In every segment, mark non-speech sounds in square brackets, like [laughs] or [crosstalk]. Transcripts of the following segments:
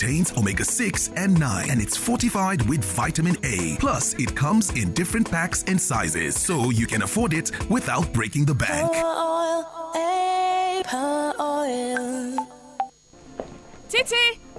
contains omega 6 and 9, and it's fortified with vitamin A. Plus, it comes in different packs and sizes, so you can afford it without breaking the bank. Eh, Titi!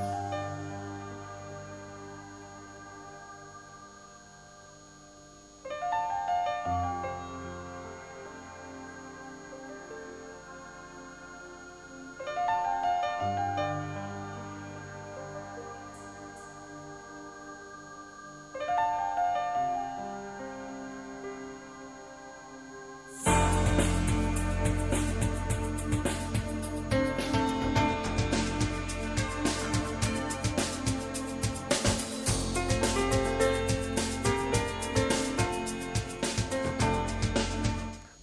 Bye.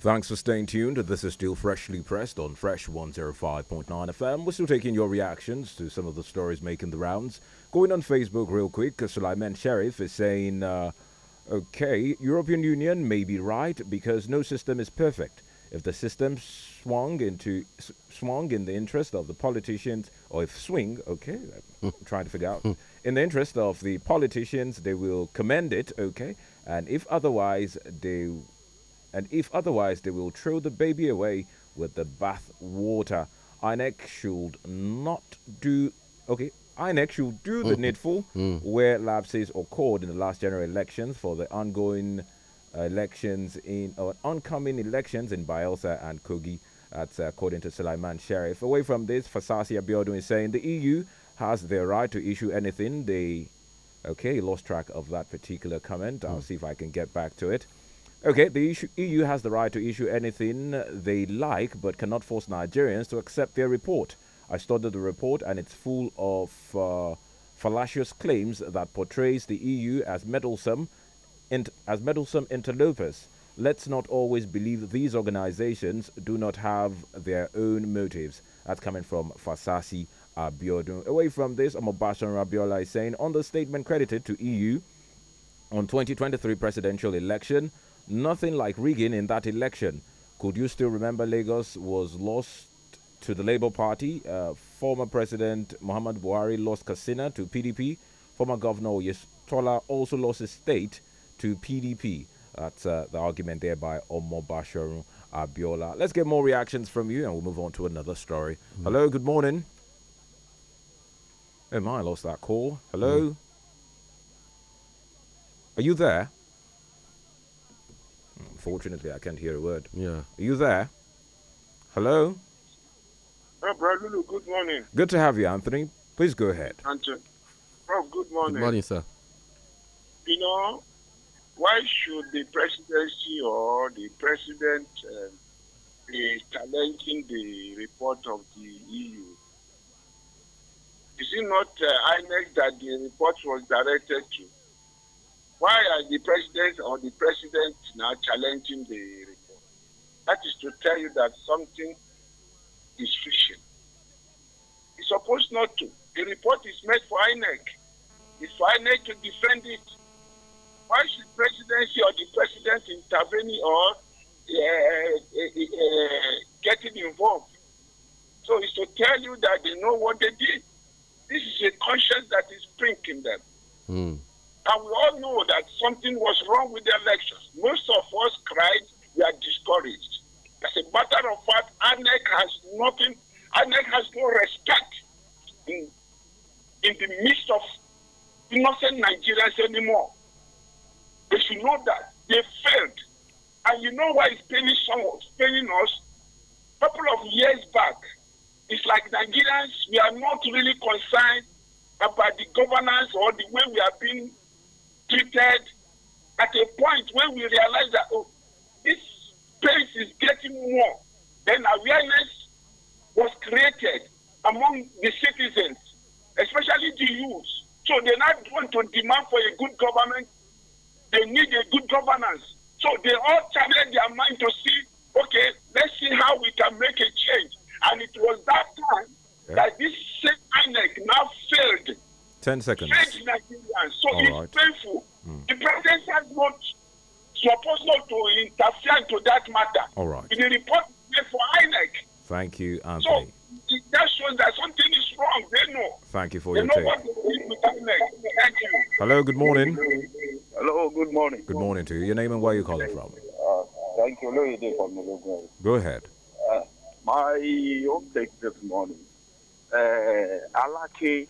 Thanks for staying tuned. This is still freshly pressed on Fresh 105.9 FM. We're still taking your reactions to some of the stories making the rounds. Going on Facebook real quick, Sulaiman Sharif is saying, uh, okay, European Union may be right because no system is perfect. If the system swung into swung in the interest of the politicians, or if swing, okay, I'm [laughs] trying to figure out, in the interest of the politicians, they will commend it, okay, and if otherwise, they and if otherwise, they will throw the baby away with the bath water. INEC should not do. Okay, INEC should do the mm. needful mm. where lapses occurred in the last general elections for the ongoing elections in or oncoming elections in Bielsa and Kogi. That's according to Suleiman Sheriff. Away from this, Fasasi Abiodun is saying the EU has the right to issue anything they. Okay, lost track of that particular comment. I'll mm. see if I can get back to it. Okay, the EU has the right to issue anything they like, but cannot force Nigerians to accept their report. I studied the report, and it's full of uh, fallacious claims that portrays the EU as meddlesome, as meddlesome interlopers. Let's not always believe these organizations do not have their own motives. That's coming from Fasasi Abiodun. Away from this, Omobashan Rabiola is saying on the statement credited to EU on 2023 presidential election. Nothing like rigging in that election. Could you still remember Lagos was lost to the Labour Party? Uh, former President Muhammad Buhari lost Kasina to PDP. Former Governor Yestola also lost his state to PDP. That's uh, the argument there by Omo Basharun Abiola. Let's get more reactions from you and we'll move on to another story. Mm. Hello, good morning. Oh I lost that call. Hello? Mm. Are you there? Unfortunately, I can't hear a word. Yeah. Are you there? Hello? Hey, bro, Lulu, good morning. Good to have you, Anthony. Please go ahead. Anthony. Oh, good morning. Good morning, sir. You know, why should the presidency or the president um, be challenging the report of the EU? Is it not uh, that the report was directed to? Why are the president or the president now challenging the report? That is to tell you that something is fishy. It's supposed not to. The report is made for INEC. It's for INEC to defend it. Why should presidency or the president intervene or uh, uh, uh, getting involved? So it's to tell you that they know what they did. This is a conscience that is pricking them. Mm. And we all know that something was wrong with the elections. Most of us cried, we are discouraged. As a matter of fact, ANEC has nothing, ANEC has no respect in, in the midst of innocent Nigerians anymore. They should know that they failed. And you know why it's paining someone, paining us? A couple of years back, it's like Nigerians, we are not really concerned about the governance or the way we are being treated at a point when we realize that oh, this space is getting more, then awareness was created among the citizens, especially the youth. So they now want to demand for a good government. They need a good governance. So they all channeled their mind to see, okay, let's see how we can make a change. And it was that time yeah. that this same INEC now failed Ten seconds. Change Nigerians. So All it's right. painful. Mm. The president has not supposed not to interfere into that matter. All right. In the report for INEC. Thank you, Anthony. So that shows that something is wrong. They know. Thank you for they your take. Thank you. Hello. Good morning. Hello. Good morning. Good morning to you. Your name and where you calling from? Uh, thank you, Go ahead. Uh, my own take this morning. Uh, Alaki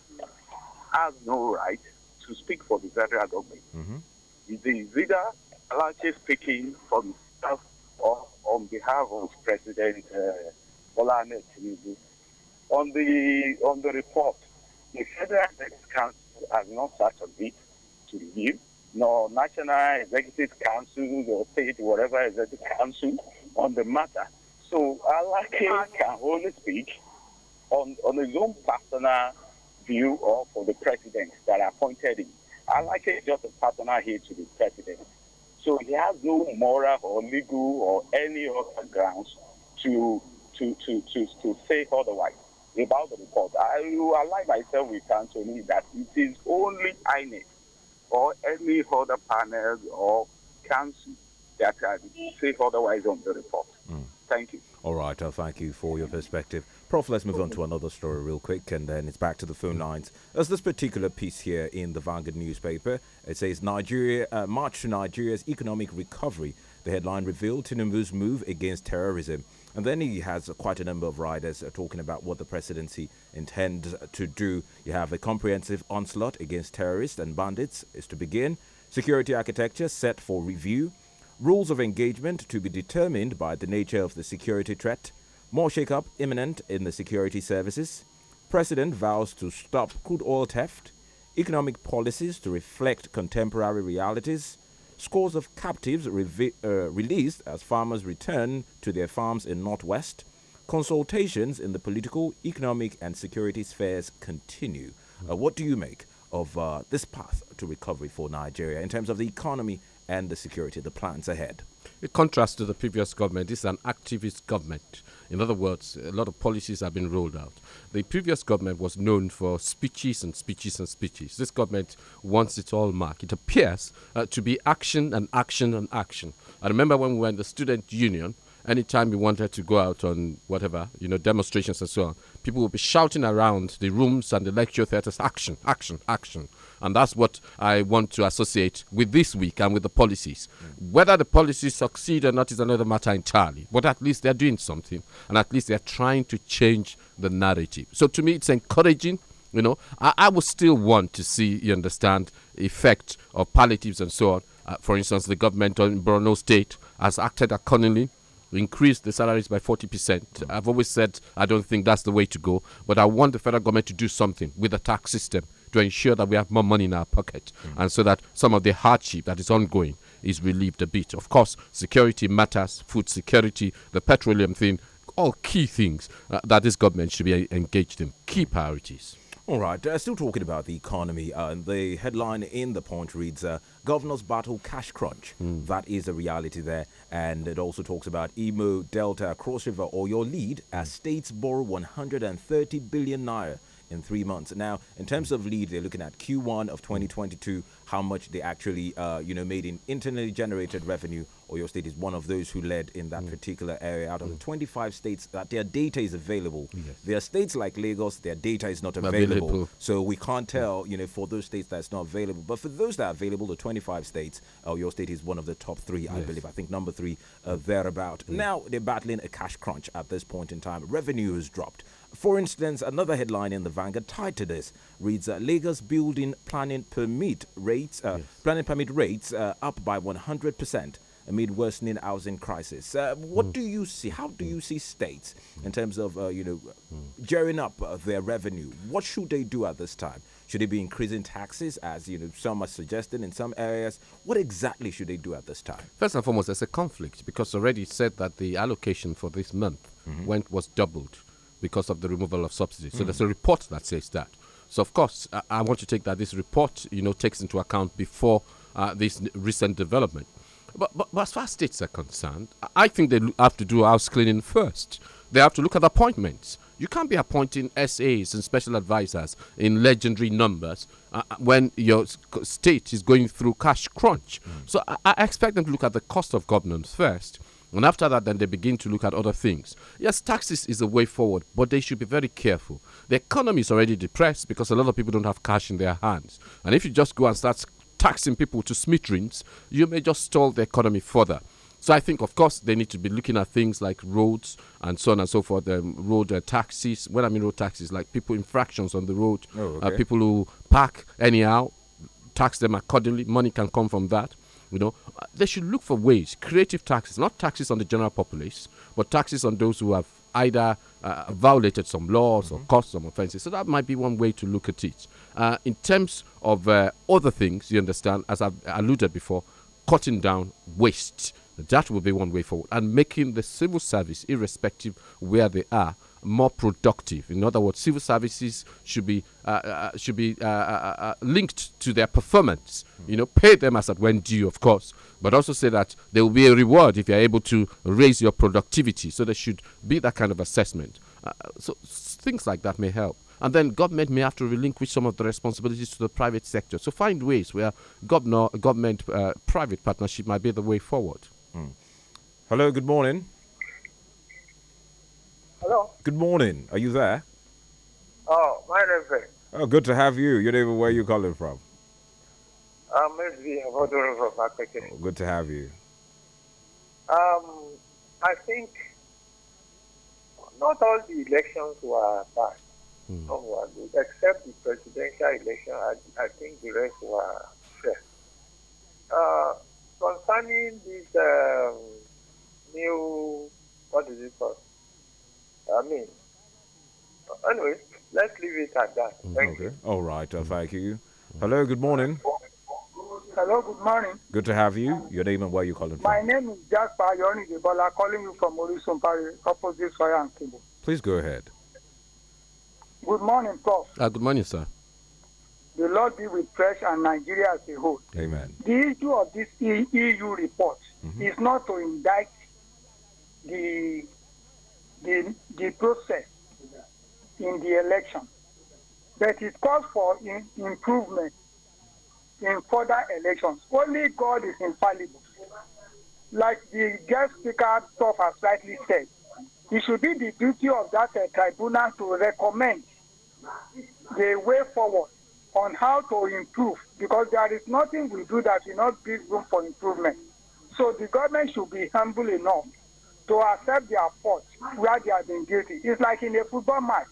has no right to speak for the federal government. Mm-hmm. It is either Alache speaking for himself or on behalf of President uh, Tinubu. On the, on the report, the Federal Executive Council has not such a bit to review, nor National Executive Council or State, whatever Executive Council on the matter. So Alake can only speak on, on his own personal view or for the president that appointed him. I like it just a partner here to the president. So he has no moral or legal or any other grounds to to to to, to say otherwise about the report. I will align myself with Anthony that it is only INEC or any other panel or council that can say otherwise on the report. Mm. Thank you. All right, I thank you for your perspective. Prof, let's move on to another story real quick, and then it's back to the phone lines. As this particular piece here in the Vanguard newspaper, it says Nigeria uh, march to Nigeria's economic recovery. The headline revealed Tinubu's move against terrorism, and then he has quite a number of riders uh, talking about what the presidency intends to do. You have a comprehensive onslaught against terrorists and bandits is to begin. Security architecture set for review. Rules of engagement to be determined by the nature of the security threat. More shakeup imminent in the security services. President vows to stop crude oil theft. Economic policies to reflect contemporary realities. Scores of captives re- uh, released as farmers return to their farms in Northwest. Consultations in the political, economic, and security spheres continue. Uh, what do you make of uh, this path to recovery for Nigeria in terms of the economy and the security, the plans ahead. In contrast to the previous government, this is an activist government. In other words, a lot of policies have been rolled out. The previous government was known for speeches and speeches and speeches. This government wants it all, Mark. It appears uh, to be action and action and action. I remember when we were in the student union, anytime we wanted to go out on whatever, you know, demonstrations and so on, people would be shouting around the rooms and the lecture theatres action, action, action. And that's what I want to associate with this week and with the policies. Mm. Whether the policies succeed or not is another matter entirely, but at least they're doing something and at least they're trying to change the narrative. So to me, it's encouraging. You know, I, I would still want to see, you understand, effect of palliatives and so on. Uh, for instance, the government in Borno State has acted accordingly increase the salaries by 40%. I've always said I don't think that's the way to go, but I want the federal government to do something with the tax system to ensure that we have more money in our pocket mm. and so that some of the hardship that is ongoing is relieved a bit. Of course, security matters, food security, the petroleum thing, all key things uh, that this government should be engaged in, key mm. priorities. All right, uh, still talking about the economy, uh, the headline in the point reads uh, Governor's Battle Cash Crunch. Mm. That is a reality there. And it also talks about Imo, Delta, Cross River, or your lead as states borrow 130 billion naira in three months. Now, in terms of lead, they're looking at Q1 of 2022, how much they actually, uh, you know, made in internally generated revenue or your state is one of those who led in that mm. particular area out of mm. 25 states that uh, their data is available. Yes. There are states like Lagos, their data is not available. available. So we can't tell, you know, for those states that's not available. But for those that are available, the 25 states, uh, your state is one of the top three, yes. I believe. I think number three uh, mm. thereabout. Mm. Now they're battling a cash crunch at this point in time. Revenue has dropped. For instance, another headline in the Vanguard tied to this reads uh, Lagos building planning permit rates uh, yes. planning permit rates uh, up by 100 percent amid worsening housing crisis. Uh, what mm. do you see? How do hmm. you see states hmm. in terms of uh, you know hmm. gearing up uh, their revenue? What should they do at this time? Should they be increasing taxes, as you know some are suggesting in some areas? What exactly should they do at this time? First and foremost, there's a conflict because already said that the allocation for this month mm -hmm. went was doubled because of the removal of subsidies. So mm. there's a mm-hmm. report that says that. So of course, I, I, want to take that this report, you know, takes into account before uh, this recent development. But, but, but as far as states are concerned, I think they have to do house cleaning first. They have to look at appointments. You can't be appointing SAs and special advisors in legendary numbers uh, uh when your state is going through cash crunch. Mm. So I, I, expect them to look at the cost of governance first. And after that, then they begin to look at other things. Yes, taxes is a way forward, but they should be very careful. The economy is already depressed because a lot of people don't have cash in their hands. And if you just go and start taxing people to smithereens, you may just stall the economy further. So I think, of course, they need to be looking at things like roads and so on and so forth. Um, road uh, taxis. When I mean road taxis, like people infractions on the road, oh, uh, okay. uh, people who park anyhow, tax them accordingly. Money can come from that. You know, uh, they should look for ways, creative taxes, not taxes on the general populace, but taxes on those who have either uh, violated some laws mm -hmm. or mm-hmm. caused some offenses. So that might be one way to look at it. Uh, in terms of uh, other things, you understand, as I've alluded before, cutting down waste. That will be one way forward. And making the civil service, irrespective where they are, more productive. In other words, civil services should be uh, uh, uh should be uh, uh, uh, linked to their performance. You know, pay them as at when due, of course, but also say that there will be a reward if you are able to raise your productivity. So there should be that kind of assessment. so things like that may help. And then government may have to relinquish some of the responsibilities to the private sector. So find ways where governor, government private partnership might be the way forward. Mm. Hello, good morning. Hello. Good morning. Are you there? Oh, my name is. Oh, good to have you. Your name, where are you calling from? I'm Abodoro from Akeke. Oh, good to have you. Um, I think not all the elections were bad. Hmm. Some were good, except the presidential election. I, I think the rest were fair. Uh, concerning this um, new, what is it called? I mean, anyway, let's leave it at that. Mm, thank okay. You. All right. Uh, thank you. Hello. Good morning. Hello. Good morning. Good to have you. Your name and where you calling from? My name is Jack Bayoni Debola, calling you from Orisun Parish, opposite Soya and Please go ahead. Good morning, Prof. Uh, good morning, sir. The Lord be with Fresh and Nigeria as a whole. Amen. The issue of this EU report mm -hmm. is not to indict the the, the process in the election, but it calls for in, improvement in further elections. Only God is infallible. Like the guest speaker Prof. has rightly said, it should be the duty of that uh, tribunal to recommend the way forward on how to improve because there is nothing we do that will not give room for improvement. So the government should be humble enough to accept their fault where they have been guilty. It's like in a football match.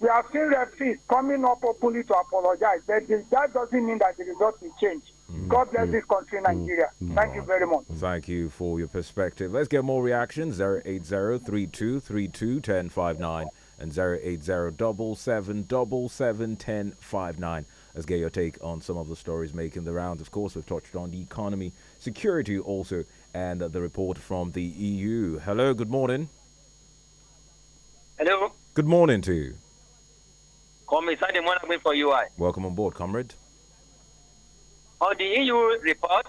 We have seen referees coming up openly to apologize, but that doesn't mean that the result will change. Mm, God bless mm, this country, mm, Nigeria. Thank you very much. Thank you for your perspective. Let's get more reactions. 0803232 and 08077771059. Let's get your take on some of the stories making the rounds. Of course, we've touched on the economy, security also and the report from the EU. Hello, good morning. Hello. Good morning to you. me Sunday morning for UI. Welcome on board, comrade. On the EU report,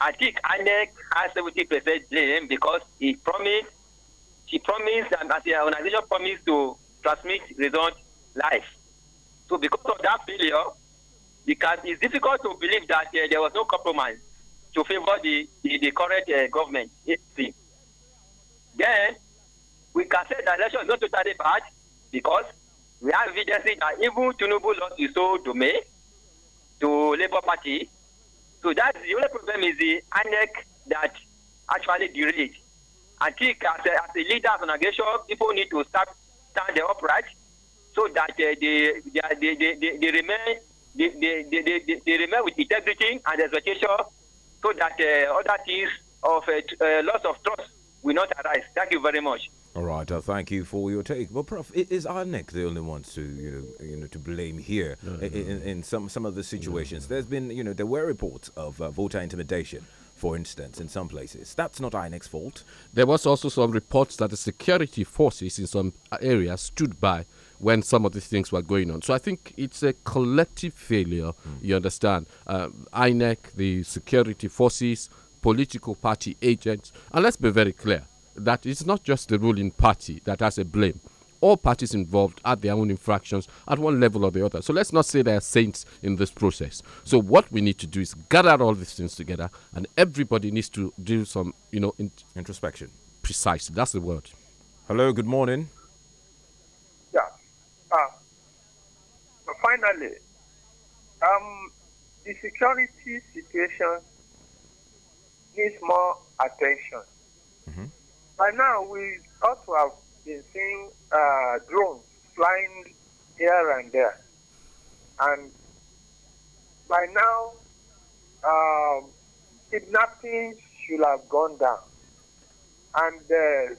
I think ANEC has 70% blame because he promised, she promised, and as the organization promised to transmit results live. So because of that failure, because it's difficult to believe that uh, there was no compromise to favor the, the, the current uh, government. Then, we can say the election is not totally bad because we have evidence that even Tunubu lost his whole domain to Labour Party. So that's the only problem is the annex that actually derailed. I think as a, as a leader of an aggression, people need to start stand upright so that uh, they, they, they, they, they, remain they, they, they, they, they remain with integrity and expectation so that uh, other things of uh, uh, loss of trust will not arise. Thank you very much. All right, uh, thank you for your take. But, Prof, is INEC the only ones to you know, you know to blame here no, in, no. in, some some of the situations? No, There's been you know there were reports of uh, voter intimidation, for instance, in some places. That's not INEC's fault. There was also some reports that the security forces in some areas stood by when some of these things were going on. So I think it's a collective failure, mm. you understand. Uh, INEC, the security forces, political party agents. And let's be very clear that it's not just the ruling party that has a blame. All parties involved had their own infractions at one level or the other. So let's not say they are saints in this process. So what we need to do is gather all these things together, and everybody needs to do some, you know, in introspection. Precisely, that's the word. Hello, good morning. Finally, um, the security situation needs more attention. Mm-hmm. By now, we ought to have been seeing uh, drones flying here and there. And by now, um, kidnapping should have gone down. And uh,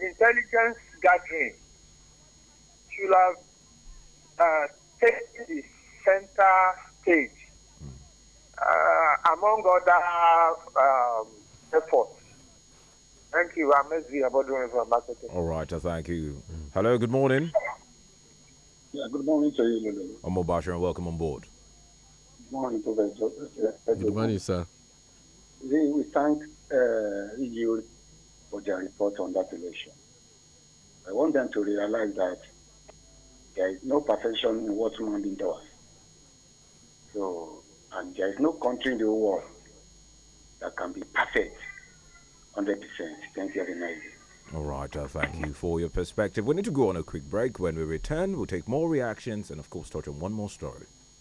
intelligence gathering should have uh, Take the center stage uh, among other um, efforts. Thank you. I'm SV Abodun from marketing. All right. Thank you. Hello. Good morning. Yeah, good morning to you, I'm Obasha and welcome on board. Good morning, Professor. Good morning, sir. We thank uh, you for their report on that election. I want them to realize that there is no perfection in what man being does. So, and there is no country in the world that can be perfect 100%. Thank you very much. All right, uh, thank you for your perspective. We need to go on a quick break. When we return, we'll take more reactions and, of course, touch on one more story.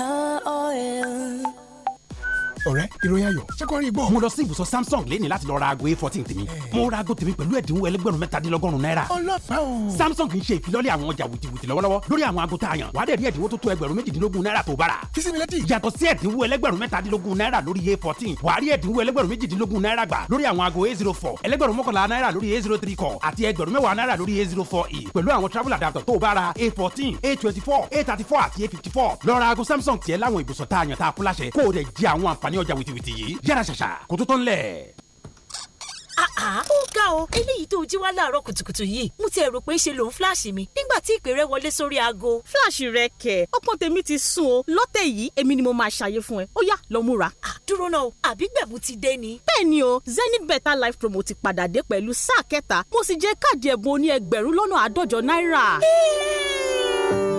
her oil. ọ̀rẹ́ ìròyìn ayọ̀ ṣé kò rí gbọ́. mo lọ sí ibùsọ samsung lẹ́ni láti lọ ra aago a fourteen tèmi mo ra aago tèmi pẹ̀lú ẹ̀dínwó ẹlẹ́gbẹ̀rún mẹ́tàdínlọ́gọ́rùn-ún náírà. ọlọ́pàá o. samsung ń ṣe ìfilọ́lẹ̀ àwọn ọjà wìtìwìtì lọ́wọ́lọ́wọ́ lórí àwọn aago tá a yàn wàá dẹ̀ rí ẹ̀dínwó tó tó ẹgbẹ̀rún méjìdínlógún náírà tó bára. kìsì mi lẹ́tì. yàtọ̀ sí ẹ̀dínwó ẹlẹ́gbẹ̀rún mẹ́tàdínlógún a fourteen wàá rí ẹ̀dínwó ẹlẹ́gbẹ̀rún méjìdínlógún náírà gbà lórí àwọn a zero four ẹlẹ́gbẹ̀rún mọ́kànlá náírà a zero three kọ̀ àti ẹgbẹ̀rún mẹ́wàá náírà lórí a zero four e pẹ̀lú àwọn travel adapter tó a fourteen a twenty four a thirty four a fifty four lọ ra samsung tiẹ̀ láwọn ibùsọ̀ tá a yàn tá a kú láǹfààní ọjà wìtìwìtì yìí yára ṣàṣà kó tó tán lẹ̀. Ah, ah, ó ga o eléyìí tó jí wá láàárọ̀ kùtùkùtù yìí mo ti rò pé ṣe lòun fíláàṣì mi nígbà tí ìpè rẹ wọlé sórí aago. fíláàṣì rẹ kẹ ọpọ́n tèmi ti sùn o lọ́tẹ̀ yìí èmi ni mo máa ṣàyè fún ẹ ó yá lọ múra. Ah, dúró náà o àbí gbẹ̀bù ti dé ni. bẹ́ẹ̀ o zenith better life promo ti padà dé pẹ̀lú sáà kẹta mo sì jẹ́ káàdì ẹ̀bùn oní ẹgbẹ̀rún lọ́nà àádọ́jọ náírà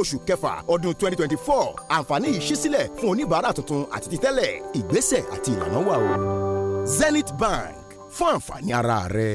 oṣù kẹfà ọdún 2024 àǹfààní yìí ṣí sílẹ̀ fún oníbàárà tuntun àti títẹ́lẹ̀ ìgbésẹ̀ àti ìlànà wà o Zenith Bank fún àǹfààní ara rẹ.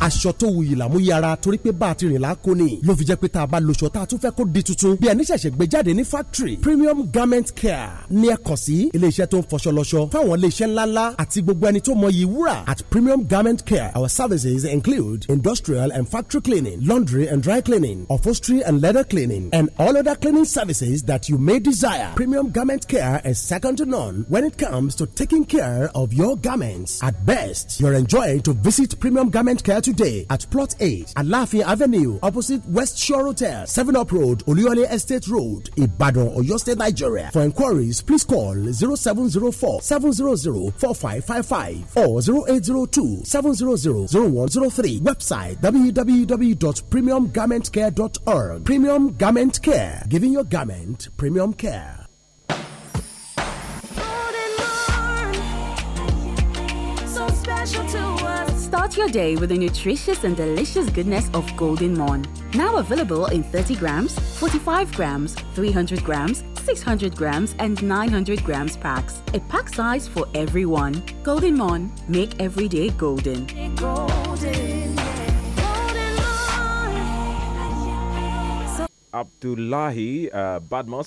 aṣọ tó wuyì làmúyẹ ara torí pé bá a ti rìn láko ni ló fi jẹ́ pé tá a bá lòṣọ tá a tún fẹ́ kó di tuntun bí ẹni ṣẹ̀ṣẹ̀ gbé jáde ní factory premium garment care ní ẹ kàn sí iléeṣẹ́ tó ń fọṣọ lọ́ṣọ fáwọn iléeṣẹ́ ńláńlá àti gbogbo ẹni tó mọyì wúrà at premium garment care our services include industrial and factory cleaning laundry and dry cleaning upholstery and leather cleaning and all other cleaning services that you may desire premium garment care is second to none when it comes to taking care of your garments at best your you're enjoying to visit Premium Garment Care today at Plot 8, Alafia Avenue, opposite West Shore Hotel, 7 Up Road, Oluyole Estate Road, Ibadan, Oyo State, Nigeria. For inquiries, please call 0704 700 4555 or 0802 700 0103. Website www.premiumgarmentcare.org. Premium Garment Care, giving your garment premium care. Start your day with the nutritious and delicious goodness of Golden Morn. Now available in 30 grams, 45 grams, 300 grams, 600 grams, and 900 grams packs. A pack size for everyone. Golden Morn, make every day golden. Abdullahi uh,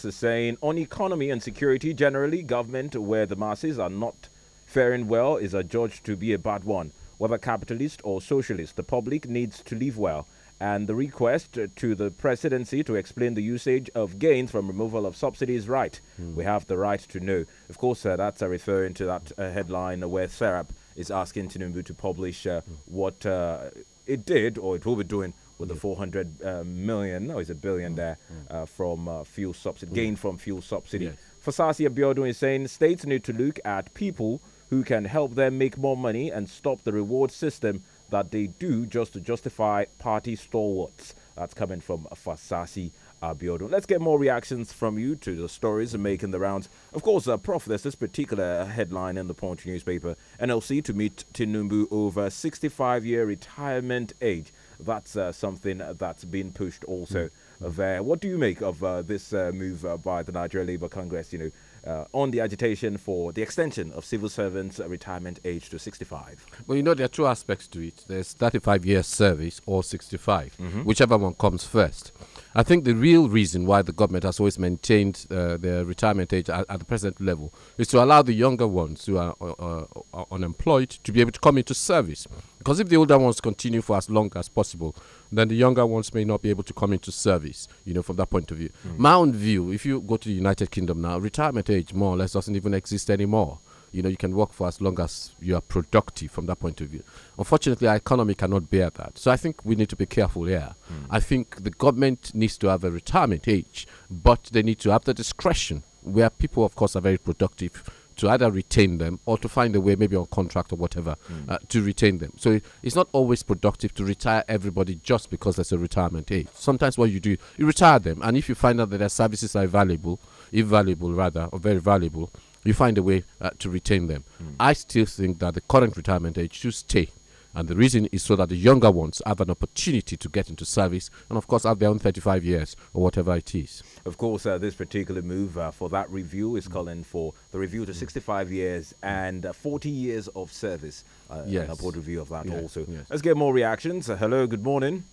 is saying on economy and security generally, government where the masses are not faring well is adjudged to be a bad one whether capitalist or socialist, the public needs to live well. And the request to the presidency to explain the usage of gains from removal of subsidies right. Mm. We have the right to know. Of course, uh, that's uh, referring to that uh, headline where Serap is asking Tinubu to publish mm. what uh, it did or it will be doing with yeah. the 400 uh, million, no, it's a billion hmm. there, hmm. uh, from uh, fuel subsidy, hmm. gain from fuel subsidy. Yes. Fasasi Abiodun is saying states need to look at people who can help them make more money and stop the reward system that they do just to justify party stalwarts. That's coming from Fasasi Abiodun. Let's get more reactions from you to the stories making the rounds. Of course, uh, Prof, there's this particular headline in the Punch newspaper NLC to meet Tinubu over 65 year retirement age. That's uh, something that's been pushed also mm-hmm. there. What do you make of uh, this uh, move uh, by the Nigeria Labour Congress? You know, uh, on the agitation for the extension of civil servants' retirement age to 65? Well, you know, there are two aspects to it there's 35 years service or 65, mm -hmm. whichever one comes first. I think the real reason why the government has always maintained uh, their retirement age at, at, the present level is to allow the younger ones who are uh, uh, uh unemployed to be able to come into service. Because if the older ones continue for as long as possible, then the younger ones may not be able to come into service, you know, from that point of view. Mm. My own view, if you go to the United Kingdom now, retirement age more or less doesn't even exist anymore. You know, you can work for as long as you are productive from that point of view. Unfortunately, our economy cannot bear that. So I think we need to be careful here. Mm. I think the government needs to have a retirement age, but they need to have the discretion where people, of course, are very productive to either retain them or to find a way, maybe on contract or whatever, mm. uh, to retain them. So it, it's not always productive to retire everybody just because there's a retirement age. Sometimes what you do, you retire them, and if you find out that their services are valuable, if valuable rather, or very valuable, you find a way uh, to retain them. Mm. I still think that the current retirement age should stay and the reason is so that the younger ones have an opportunity to get into service and, of course, have their own 35 years or whatever it is. Of course, uh, this particular move uh, for that review is mm. calling for the review to 65 years and uh, 40 years of service. Uh, yes. An upward review of that yes. also. Yes. Let's get more reactions. Uh, hello, good morning.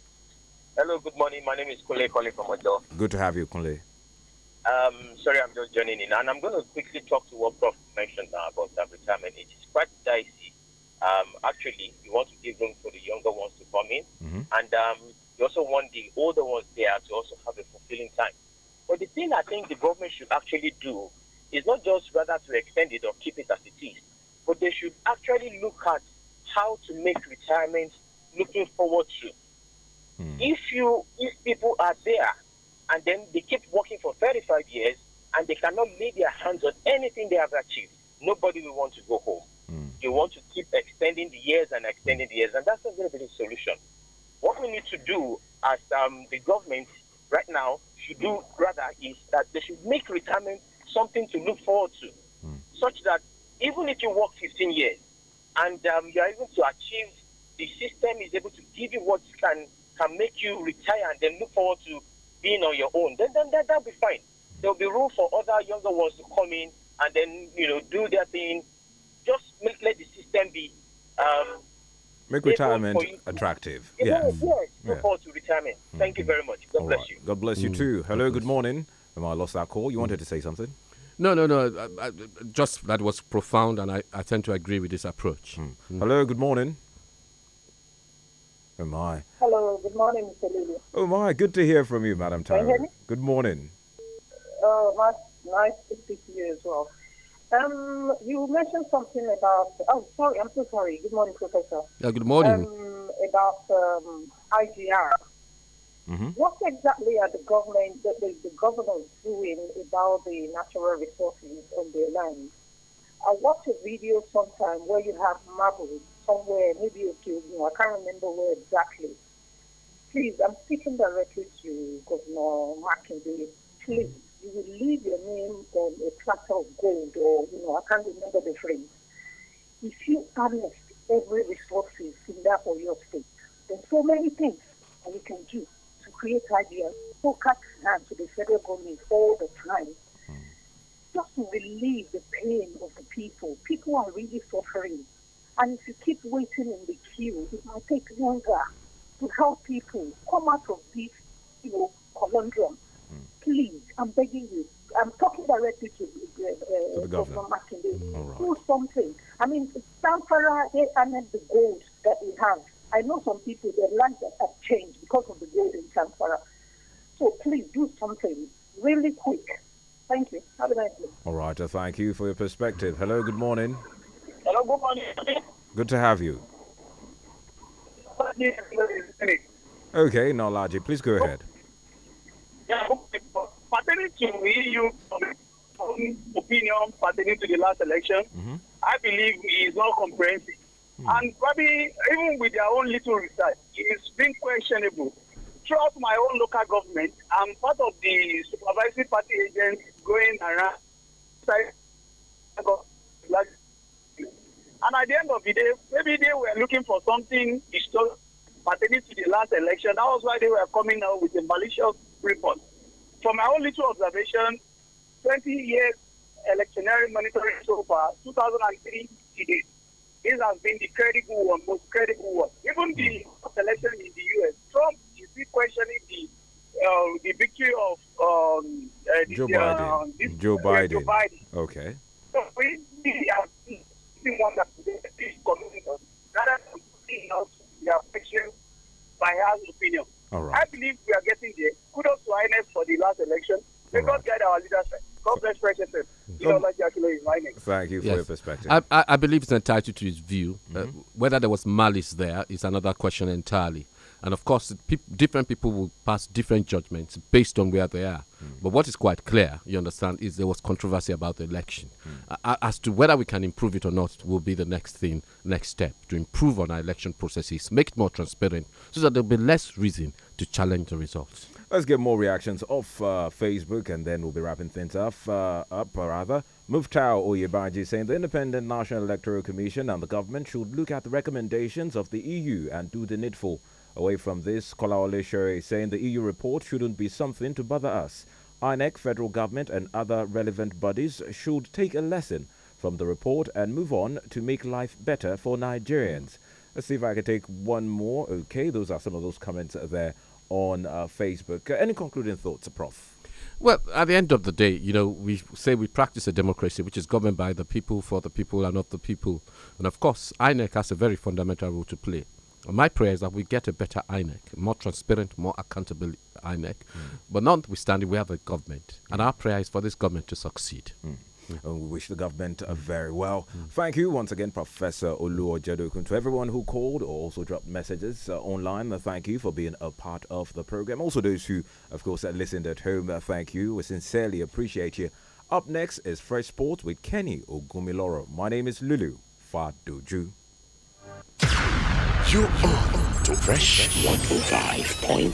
Hello, good morning. My name is Kule calling from Ojo. Good to have you, Kule. Um, sorry, I'm just joining in, and I'm going to quickly talk to what Prof mentioned now about retirement It's quite dicey um, actually, you want to give room for the younger ones to come in. Mm -hmm. And um, you also want the older ones there to also have a fulfilling time. But the thing I think the government should actually do is not just rather to extend it or keep it as it is, but they should actually look at how to make retirement looking forward to. Mm. If you if people are there and then they keep working for 35 years and they cannot lay their hands on anything they have achieved, nobody will want to go home. You want to keep extending the years and extending the years, and that's not going to be the solution. What we need to do as um, the government right now should do rather is that they should make retirement something to look forward to, hmm. such that even if you work 15 years and um, you are able to achieve, the system is able to give you what can can make you retire and then look forward to being on your own. Then then, then that'll be fine. There'll be room for other younger ones to come in and then you know do their thing just make, let the system be. Um, make retirement attractive. Yeah. Yes, Look Yeah. to retirement. Mm. Thank you very much. God All bless right. you. God bless you mm. too. Hello, good morning. Am I lost that call? You wanted to say something? No, no, no. I, I, just that was profound, and I, I tend to agree with this approach. Mm. Mm. Hello, good morning. Oh my. Hello, good morning, Mr. Lulu. Oh my, good to hear from you, Madam Tara. Good morning. Oh, nice, nice to speak to you as well. Um, you mentioned something about. Oh, sorry, I'm so sorry. Good morning, Professor. Yeah, good morning. Um, about um, IGR. Mm -hmm. What exactly are the government the, the, the, doing about the natural resources on their land? I watched a video sometime where you have marble somewhere, maybe Ethiopia. I can't remember where exactly. Please, I'm speaking directly to Governor Mackenzie. Please you will leave your name on a platter of gold or, you know, I can't remember the phrase. If you harness every resource in that or your state, there's so many things that you can do to create ideas. Focus hands to the federal government all the time hmm. just to relieve the pain of the people. People are really suffering. And if you keep waiting in the queue, it might take longer to help people come out of this, you know, conundrum please, I'm begging you, I'm talking directly to, uh, uh to the governor, Mackinley, mm, right. do something. I mean, Sanfara, they earned the gold that we have. I know some people, their lives have changed because of the gold in Sanfara. So please do something really quick. Thank you. Have a nice day. All right, uh, thank you for your perspective. Hello, good morning. Hello, good morning. Good to have you. Okay, Now, Laji, please go ahead. Yeah, okay pertaining to EU um, opinion pertaining to the last election, mm -hmm. I believe is not comprehensive. Mm -hmm. And probably even with their own little research, it's been questionable. Throughout my own local government, I'm part of the supervisory party agents going around. And at the end of the day, maybe they were looking for something pertaining to the last election. That was why they were coming out with a malicious report. From my own little observation, 20 years electionary monitoring so far, 2003 to this has been the credible one, most credible one. Even the election in the U.S., Trump is still questioning the uh, the victory of um, uh, Joe, uh, Biden. this, Joe Biden. Joe Biden. Okay. So we have seen one that this community, rather than putting out by opinion. All right. I believe we are getting there. Kudos to INF for the last election. because God right. our leadership. God bless President. You know, like Thank you for yes. your perspective. I, I, I, believe it's entitled to his view. Mm -hmm. uh, mm-hmm. whether there was malice there is another question entirely. And of course, pe different people will pass different judgments based on where they are. Mm. But what is quite clear, you understand, is there was controversy about the election. Mm. as to whether we can improve it or not will be the next thing, next step to improve on our election processes, make it more transparent so that there'll be less reason to challenge the results. Let's get more reactions off uh, Facebook and then we'll be wrapping things up. Uh, up rather. Muftao Oyebaji saying the Independent National Electoral Commission and the government should look at the recommendations of the EU and do the needful. Away from this, Kola Olesho is saying the EU report shouldn't be something to bother us. INEC, federal government, and other relevant bodies should take a lesson from the report and move on to make life better for Nigerians. Let's see if I can take one more. Okay, those are some of those comments there on uh, Facebook. Uh, any concluding thoughts, Prof? Well, at the end of the day, you know, we say we practice a democracy which is governed by the people, for the people, and of the people. And of course, INEC has a very fundamental role to play my prayer is that we get a better INEC, more transparent, more accountable INEC. Mm. But notwithstanding, we have a government, and our prayer is for this government to succeed. Mm. mm. we wish the government uh, very well. Mm. Thank you once again, Professor Oluojadokun. To everyone who called or also dropped messages uh, online, uh, thank you for being a part of the program. Also, those who, of course, listened at home, uh, thank you. We sincerely appreciate you. Up next is Fresh Sports with Kenny Ogumiloro. My name is Lulu Faduju. You are to Fresh 105.9.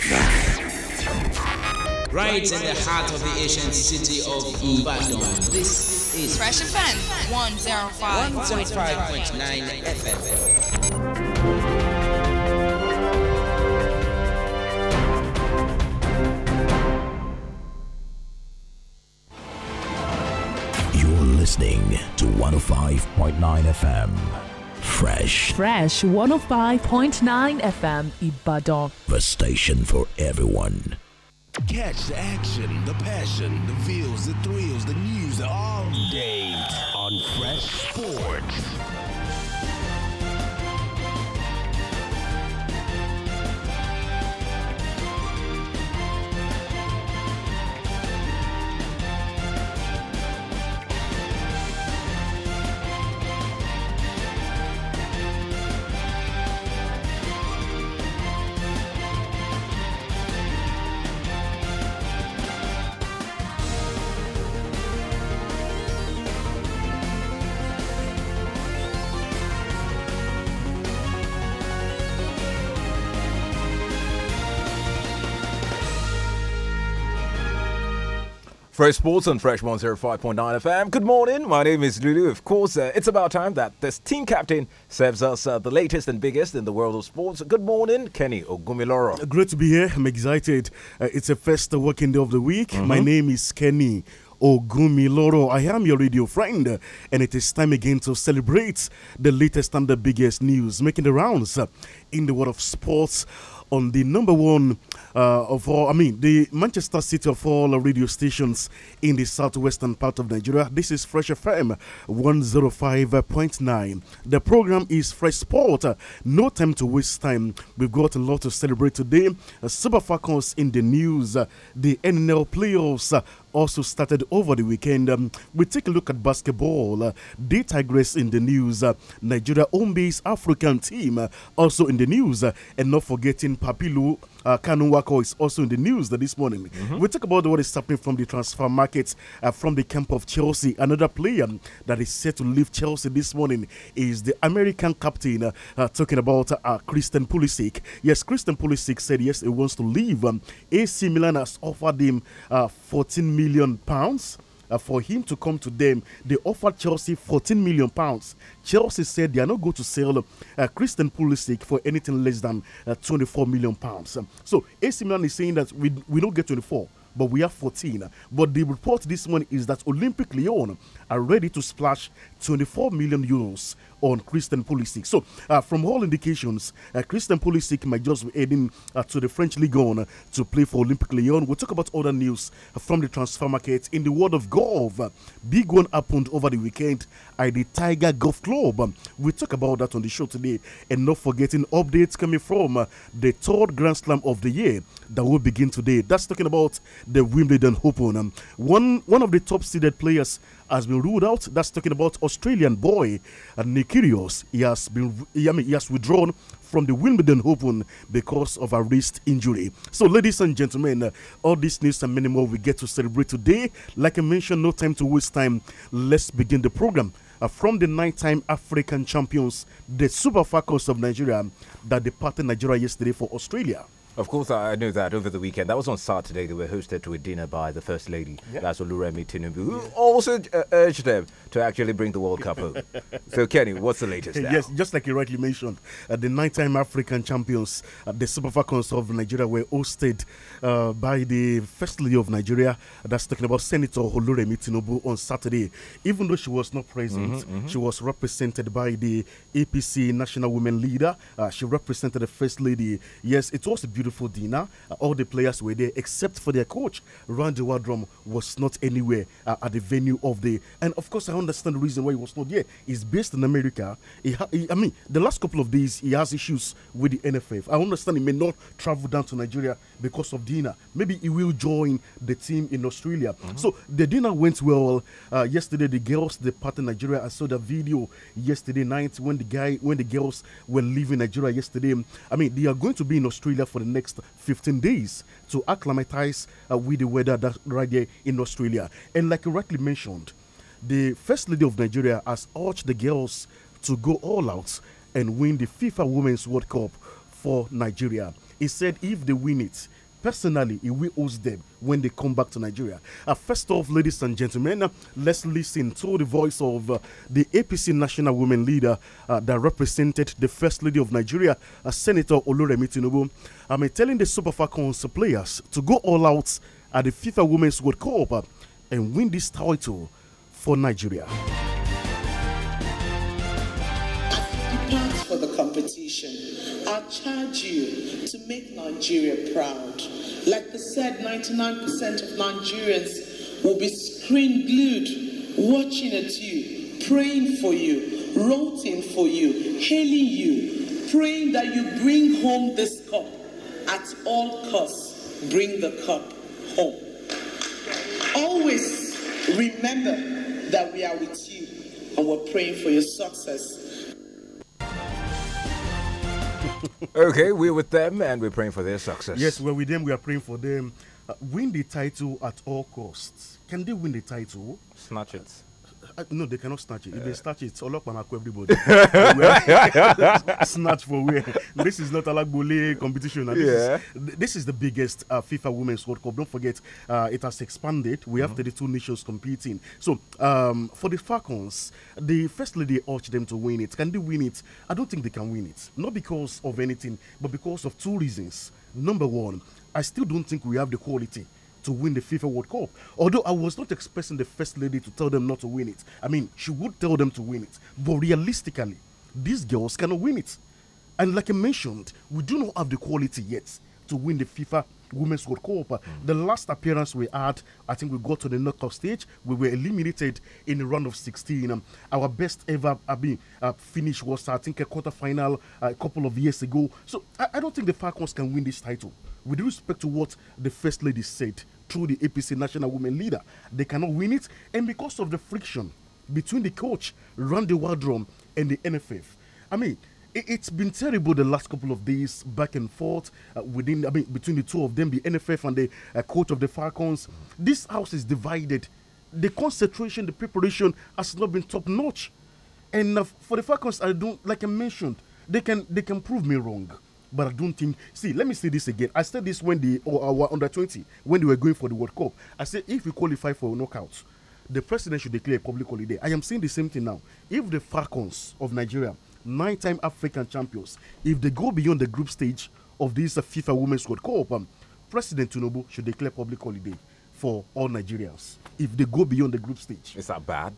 Right in the heart of the ancient city of Ibadan. This is Fresh FM 105.9 105. FM. listening to 105.9 FM Fresh. Fresh 105.9 FM Ibadan. The station for everyone. Catch the action, the passion, the feels, the thrills, the news all day on Fresh Sports. Fresh Sports on Fresh 105.9 FM. Good morning. My name is Lulu. Of course, uh, it's about time that this team captain serves us uh, the latest and biggest in the world of sports. Good morning, Kenny Ogumiloro. Great to be here. I'm excited. Uh, it's a first working day of the week. Mm -hmm. My name is Kenny Ogumiloro. I am your radio friend, and it is time again to celebrate the latest and the biggest news making the rounds in the world of sports on the number one uh, of all, I mean, the Manchester City of all radio stations in the southwestern part of Nigeria. This is Fresh FM 105.9. The program is Fresh Sport. No time to waste time. We've got a lot to celebrate today. Uh, Super Falcons in the news, uh, the NNL playoffs uh, also started over the weekend. Um, we take a look at basketball. Uh, they in the news. Uh, Nigeria home base African team uh, also in the news. Uh, and not forgetting Papilu uh, Kanu Wako is also in the news this morning. Mm -hmm. We talk about what is happening from the transfer market uh, from the camp of Chelsea. Another player that is set to leave Chelsea this morning is the American captain, uh, uh, talking about uh, Christian Pulisic. Yes, Christian Pulisic said yes, he wants to leave. Um, AC Milan has offered him uh, 14 million pounds. Uh, for him to come to them. They offered Chelsea 14 million pounds. Chelsea said they are not going to sell uh, Christian Pulisic for anything less than uh, 24 million pounds. Um, so AC Milan is saying that we we don't get 24. But we have 14. But the report this morning is that Olympic Lyon are ready to splash 24 million euros on Christian Pulisic. So, uh, from all indications, uh, Christian Pulisic might just be heading uh, to the French League on uh, to play for Olympic Lyon. We'll talk about other news from the transfer market. In the world of golf, big one happened over the weekend at the Tiger Golf Club. Um, we'll talk about that on the show today. And not forgetting updates coming from uh, the third Grand Slam of the year that will begin today. That's talking about the Wimbledon Open. Um, one, one of the top seeded players has been ruled out. That's talking about Australian boy Nikirios. He has been, I mean, he has withdrawn from the Wimbledon Open because of a wrist injury. So, ladies and gentlemen, uh, all this news and many more we get to celebrate today. Like I mentioned, no time to waste time. Let's begin the program. Uh, from the nine-time African champions, the Super Falcons of Nigeria, that departed Nigeria yesterday for Australia. Of course, I know that over the weekend. That was on Saturday. They were hosted to a dinner by the First Lady, yeah. Oluremi Tinubu, who yeah. also uh, urged them to actually bring the World Cup home. [laughs] so, Kenny, what's the latest now? Yes, just like you rightly mentioned, uh, the nine-time African champions, uh, the Super Falcons of Nigeria, were hosted uh, by the First Lady of Nigeria. That's talking about Senator Oluremi Tinubu on Saturday. Even though she was not present, mm -hmm, mm -hmm. she was represented by the APC National Women Leader. Uh, she represented the First Lady. Yes, it was a beautiful beautiful dinner. Uh, all the players were there except for their coach. Randy Wardrum was not anywhere uh, at the venue of the. And of course, I understand the reason why he was not there. He's based in America. He, he I mean, the last couple of days, he has issues with the NFF. I understand he may not travel down to Nigeria because of dinner. Maybe he will join the team in Australia. Mm -hmm. So the dinner went well. Uh, yesterday, the girls departed Nigeria. I saw the video yesterday night when the guy, when the girls were leaving Nigeria yesterday. I mean, they are going to be in Australia for the next 15 days to acclimatize uh, with the weather that right there in Australia. And like you rightly mentioned, the First Lady of Nigeria has urged the girls to go all out and win the FIFA Women's World Cup for Nigeria. He said if they win it, personally he will host them when they come back to Nigeria. Uh, first off, ladies and gentlemen, uh, let's listen to the voice of uh, the APC national women leader uh, that represented the First Lady of Nigeria, uh, Senator Oluremi Tinubu. I'm uh, telling the Super Falcons players to go all out at the FIFA Women's World Cup and win this title for Nigeria. for the competition I charge you to make Nigeria proud. Like the said, 99% of Nigerians will be screen glued, watching at you, praying for you, rooting for you, hailing you, praying that you bring home this cup. At all costs, bring the cup home. Always remember that we are with you and we're praying for your success okay, we're with them and we're praying for their success. Yes, we're with them. We are praying for them. Uh, win the title at all costs. Can they win the title? Snatch it. I, no, they cannot snatch it. If they snatch it, all up, Olokpamako everybody. [laughs] snatch for where? This is not a lagbole competition. This, yeah. is, this is the biggest uh, FIFA Women's World Cup. Don't forget, uh, it has expanded. We mm -hmm. have uh-huh. 32 nations competing. So, um, for the Falcons, the First Lady urged them to win it. Can they win it? I don't think they can win it. Not because of anything, but because of two reasons. Number one, I still don't think we have the quality to win the FIFA World Cup. Although I was not expecting the First Lady to tell them not to win it. I mean, she would tell them to win it. But realistically, these girls cannot win it. And like I mentioned, we do not have the quality yet to win the FIFA Women's World Cup. Mm. The last appearance we had, I think we got to the knockout stage. We were eliminated in the round of 16. Um, our best ever I mean, uh, finish was, I think, a quarter final uh, a couple of years ago. So I, I, don't think the Falcons can win this title. With respect to what the First Lady said, through the APC national women leader. They cannot win it. And because of the friction between the coach, Randy Wardrum, and the NFF, I mean, it, has been terrible the last couple of days, back and forth uh, within, I mean, between the two of them, the NFF and the uh, coach of the Falcons. This house is divided. The concentration, the preparation has not been top notch. And uh, for the Falcons, I don't like I mentioned, they can they can prove me wrong but I don't think. See, let me say this again. I said this when they or oh, our under 20 when they were going for the World Cup. I said if we qualify for knockouts, the president should declare a public holiday. I am saying the same thing now. If the Falcons of Nigeria, nine-time African champions, if they go beyond the group stage of this uh, FIFA Women's World Cup, um, President Tinubu should declare public holiday for all Nigerians if they go beyond the group stage. Is that bad?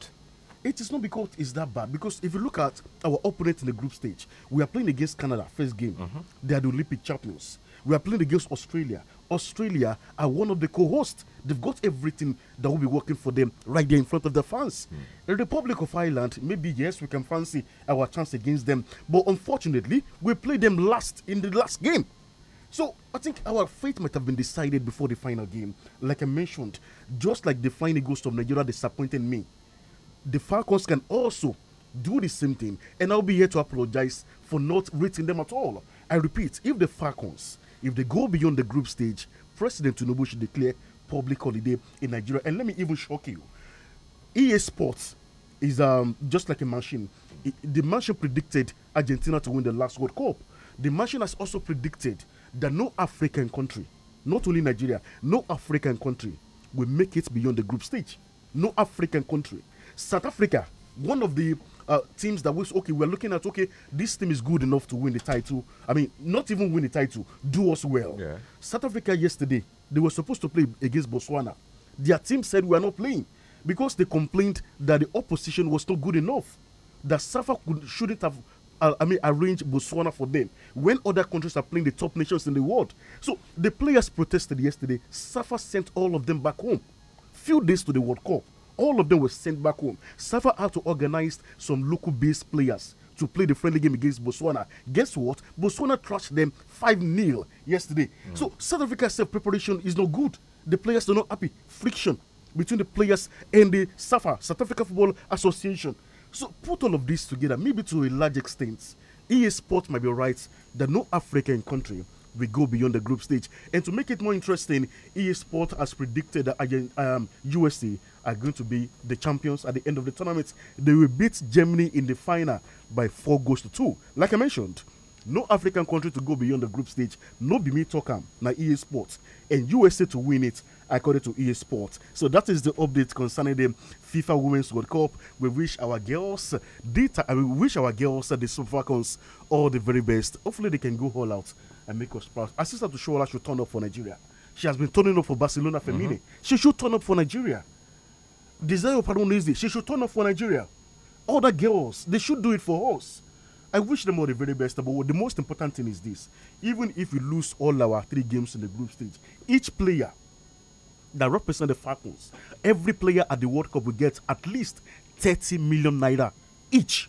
it is not because it's that bad. Because if you look at our opponent in the group stage, we are playing against Canada, first game. Mm -hmm. They are the Olympic champions. We are playing against Australia. Australia are one of the co hosts. They've got everything that will be working for them right there in front of the fans. Mm. The Republic of Ireland, maybe, yes, we can fancy our chance against them. But unfortunately, we played them last in the last game. So I think our fate might have been decided before the final game. Like I mentioned, just like the final ghost of Nigeria disappointed me the Falcons can also do the same thing. And I'll be here to apologize for not rating them at all. I repeat, if the Falcons, if they go beyond the group stage, President Tinubu should declare public holiday in Nigeria. And let me even shock you. EA Sports is um, just like a machine. It, the machine predicted Argentina to win the last World Cup. The machine has also predicted that no African country, not only Nigeria, no African country will make it beyond the group stage. No African country South Africa, one of the uh, teams that was okay, we're looking at okay, this team is good enough to win the title. I mean, not even win the title, do us well. Yeah. South Africa yesterday, they were supposed to play against Botswana. Their team said we are not playing because they complained that the opposition was not good enough. That SAFA could, shouldn't have uh, I mean, arranged Botswana for them when other countries are playing the top nations in the world. So the players protested yesterday. SAFA sent all of them back home. Few days to the World Cup. All of them were sent back home. Safa had to organize some local based players to play the friendly game against Botswana. Guess what? Botswana trashed them 5 0 yesterday. Mm. So South Africa's self preparation is not good. The players are not happy. Friction between the players and the SAFA, South Africa Football Association. So put all of this together, maybe to a large extent, EA Sports might be right that no African country we go beyond the group stage. And to make it more interesting, EA has predicted that um, USA are going to be the champions at the end of the tournament. They will beat Germany in the final by four goals to two. Like I mentioned, no African country to go beyond the group stage. No Bimi Tokam, na EA Sports, and USA to win it according to EA Sports. So that is the update concerning the FIFA Women's World Cup. We wish our girls, I uh, we wish our girls, the Falcons, all the very best. Hopefully, they can go all out and make us proud. Our sister Dushola should turn up for Nigeria. She has been turning up for Barcelona Femini. Mm -hmm. She should turn up for Nigeria. Desire this. she should turn up for Nigeria. All the girls, they should do it for us. I wish them all the very best, but the most important thing is this. Even if we lose all our three games in the group stage, each player that represents the Falcons, every player at the World Cup will get at least 30 million naira each.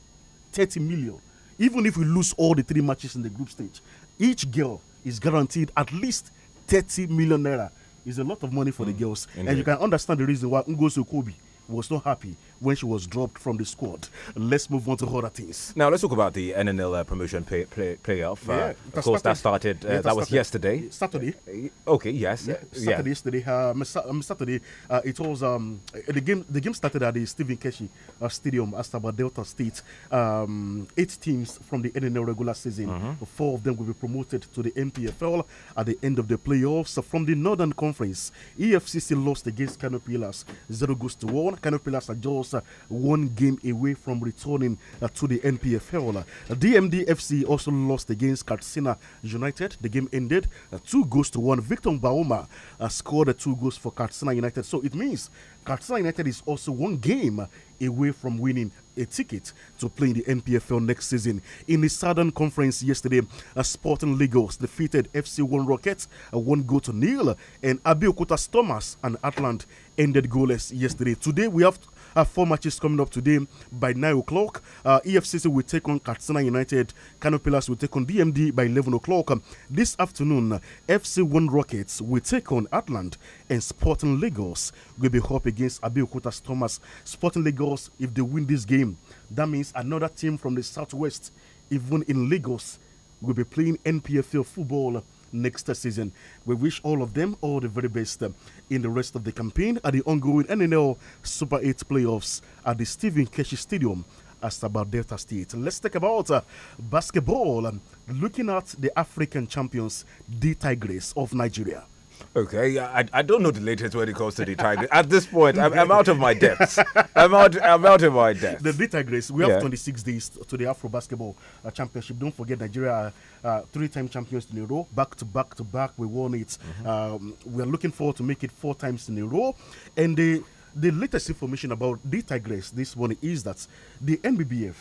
30 million. Even if we lose all the three matches in the group stage, each girl is guaranteed at least 30 million naira. It's a lot of money for mm. the girls. Indeed. And you can understand the reason why Ngozi Okobi was not happy when she was dropped from the squad. Let's move on to other things. Now let's talk about the NNL uh, promotion play, play, playoff. Yeah, uh, of course, started, that started. Uh, yeah, that, that, was yesterday. Saturday. Uh, okay. Yes. Yeah, uh, Saturday. Yesterday. Uh, Saturday. it was um, the game. The game started at the Stephen Keshi Stadium, Astaba Delta State. Um, eight teams from the NNL regular season. Mm -hmm. Four of them will be promoted to the MPFL at the end of the playoffs. From the Northern Conference, EFCC lost against Canopilas zero goes to one. Canopilas are just just one game away from returning uh, to the NPFL. Uh, DMDFC also lost against Katsina United. The game ended uh, two goals to one. Victor Bauma scored two goals for Katsina United. So it means Katsina United is also one game away from winning a ticket to play in the NPFL next season. In the Southern Conference yesterday, uh, Sporting Lagos defeated FC1 Rockets uh, one goal to nil, and Abiyokuta Thomas and Atlant ended goalless yesterday. Today we have uh, four matches coming up today by 9 o'clock. Uh, EFCC will take on Katsina United. Canopilas will take on DMD by 11 o'clock. Um, this afternoon, uh, FC1 Rockets will take on Atlant and Sporting Lagos will be up against Abeokuta Thomas. Sporting Lagos, if they win this game, that means another team from the southwest, even in Lagos, will be playing NPFL football next season. We wish all of them all the very best uh, in the rest of the campaign at the ongoing NNL Super 8 playoffs at the Stephen Keshi Stadium as about Delta State. Let's talk about uh, basketball and looking at the African champions, the Tigers of Nigeria. Okay, I, I don't know the latest when it comes to the Tigers. At this point, I'm, I'm out of my depths. I'm out. I'm out of my depths. The, the Tigers. We have yeah. 26 days to the Afro Basketball uh, Championship. Don't forget Nigeria, uh, three-time champions in a row, back to back to back. We won it. Mm -hmm. um, we are looking forward to make it four times in a row, and the the latest information about the Tigers this morning is that the NBBF.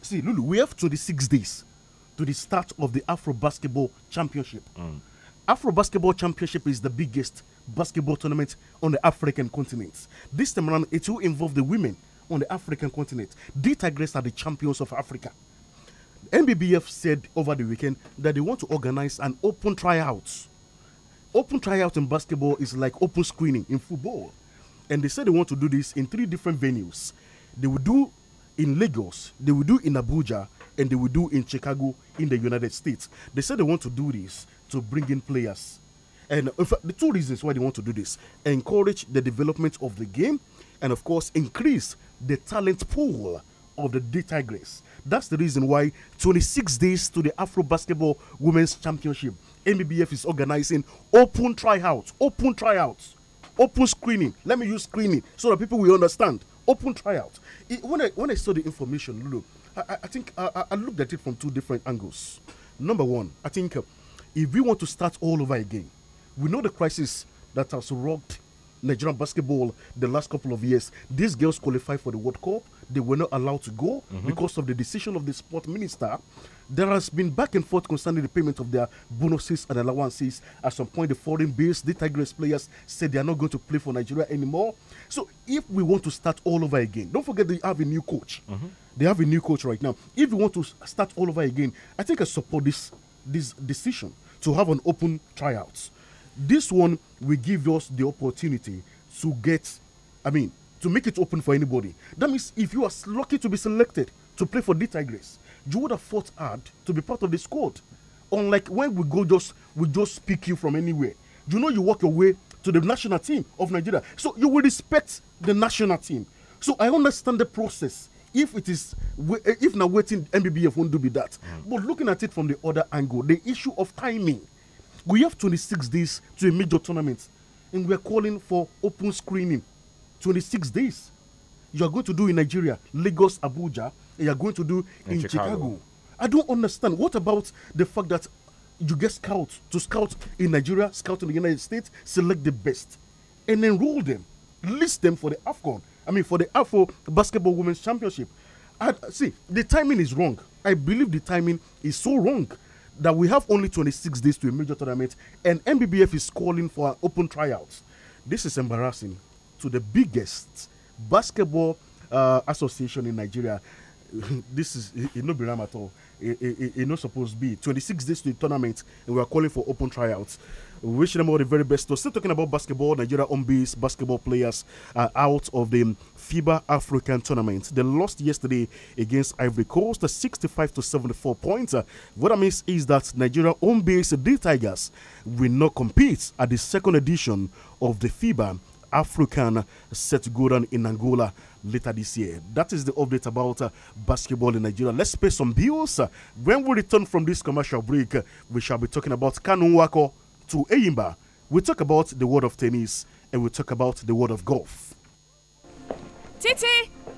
See, Lulu, we have 26 days to the start of the Afro Basketball Championship. Mm. Afro Basketball Championship is the biggest basketball tournament on the African continent. This time around, it will involve the women on the African continent. The Tigers are the champions of Africa. NBBF said over the weekend that they want to organize an open tryout. Open tryout in basketball is like open screening in football. And they said they want to do this in three different venues. They will do in Lagos, they will do in Abuja, and they will do in Chicago in the United States. They said they want to do this to bring in players. And in uh, fact, the two reasons why they want to do this encourage the development of the game and, of course, increase the talent pool of the D Tigers. That's the reason why 26 days to the Afro Basketball Women's Championship, MBBF is organizing open tryouts, open tryouts, open screening. Let me use screening so that people will understand. Open tryouts. when, I, when I saw the information, look, I, I think I, I, looked at it from two different angles. Number one, I think. Uh, if we want to start all over again, we know the crisis that has rocked Nigerian basketball the last couple of years. These girls qualified for the World Cup. They were not allowed to go mm -hmm. because of the decision of the sport minister. There has been back and forth concerning the payment of their bonuses and allowances. At some point, the foreign based, the Tigers players said they are not going to play for Nigeria anymore. So, if we want to start all over again, don't forget they have a new coach. Mm -hmm. They have a new coach right now. If we want to start all over again, I think I support this this decision to have an open tryout. This one will give us the opportunity to get, I mean, to make it open for anybody. That means if you are lucky to be selected to play for the Tigers, you would have fought hard to be part of the squad. Unlike when we go just we just pick you from anywhere. You know you walk your way to the national team of Nigeria. So you will respect the national team. So I understand the process if it is eh, if now waiting mbbf won't do be that mm. but looking at it from the other angle the issue of timing we have 26 days to a major tournament and we're calling for open screening 26 days you are going to do in nigeria lagos abuja and you are going to do in, in chicago. chicago. i don't understand what about the fact that you get scouts to scout in nigeria scout in the united states select the best and enroll them list them for the afcon I mean, for the Afro Basketball Women's Championship. see, the timing is wrong. I believe the timing is so wrong that we have only 26 days to a major tournament, and MBBF is calling for an open tryouts. This is embarrassing to the biggest basketball uh, association in Nigeria. [laughs] this is it, it no be ram at all. It, it, it, it no supposed to be 26 days to the tournament, and we are calling for open tryouts. Wishing them all the very best. So, still talking about basketball, Nigeria on base basketball players are out of the FIBA African tournament. They lost yesterday against Ivory Coast, uh, 65 to 74 points. Uh, what I mean is that Nigeria on base D Tigers will not compete at the second edition of the FIBA African set to go down in Angola later this year. That is the update about uh, basketball in Nigeria. Let's pay some bills. Uh, when we return from this commercial break, we shall be talking about Kanu Wako to Eyimba, we talk about the world of tennis and we talk about the world of golf. Titi,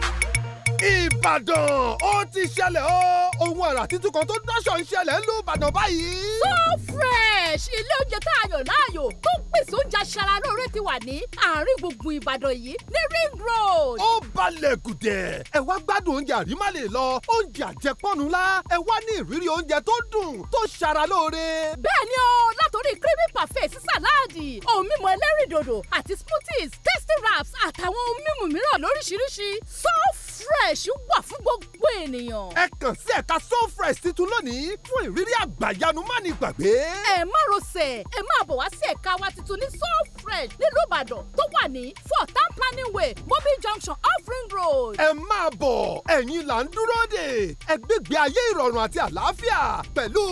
you. ìbàdàn ó ti ṣẹlẹ̀ ó ohun àrà tuntun kan tó dáṣọ ń ṣẹlẹ̀ ń lu báyìí. so fresh ilé oúnjẹ tá a yàn láàyò tó ń pèsè oúnjẹ aṣara lóore ti wà ní àárín gbùngbùn ìbàdàn yìí ní ring road. ó balẹ̀ gùdẹ̀ ẹ wá gbádùn oúnjẹ àrímálè lọ oúnjẹ àjẹpọ́nu la ẹ wá ní ìrírí oúnjẹ tó dùn tó ṣara lóore. bẹ́ẹ̀ ni o látòrí creamy parfait sí sàláàdì ohun mímu ẹlẹ́rìndòdò àti smoothies tasty wraps àtàwọn ohun mímu mìíràn lóríṣiríṣi so fresh fresh wà fún gbogbo ènìyàn. ẹ kàn sí ẹ̀ka so fresh titun lónìí fún ìrírí àgbàyanu má ní gbàgbé. ẹ má rọsẹ̀ ẹ máa bọ̀ wá sí ẹ̀ka wa titun ní so fresh nílùú ìbàdàn tó wà ní four town planning way mobi junction off ring road. ẹ máa bọ̀ ẹ̀yin là ń dúró dè ẹ gbégbé ayé ìrọ̀rùn àti àlàáfíà pẹ̀lú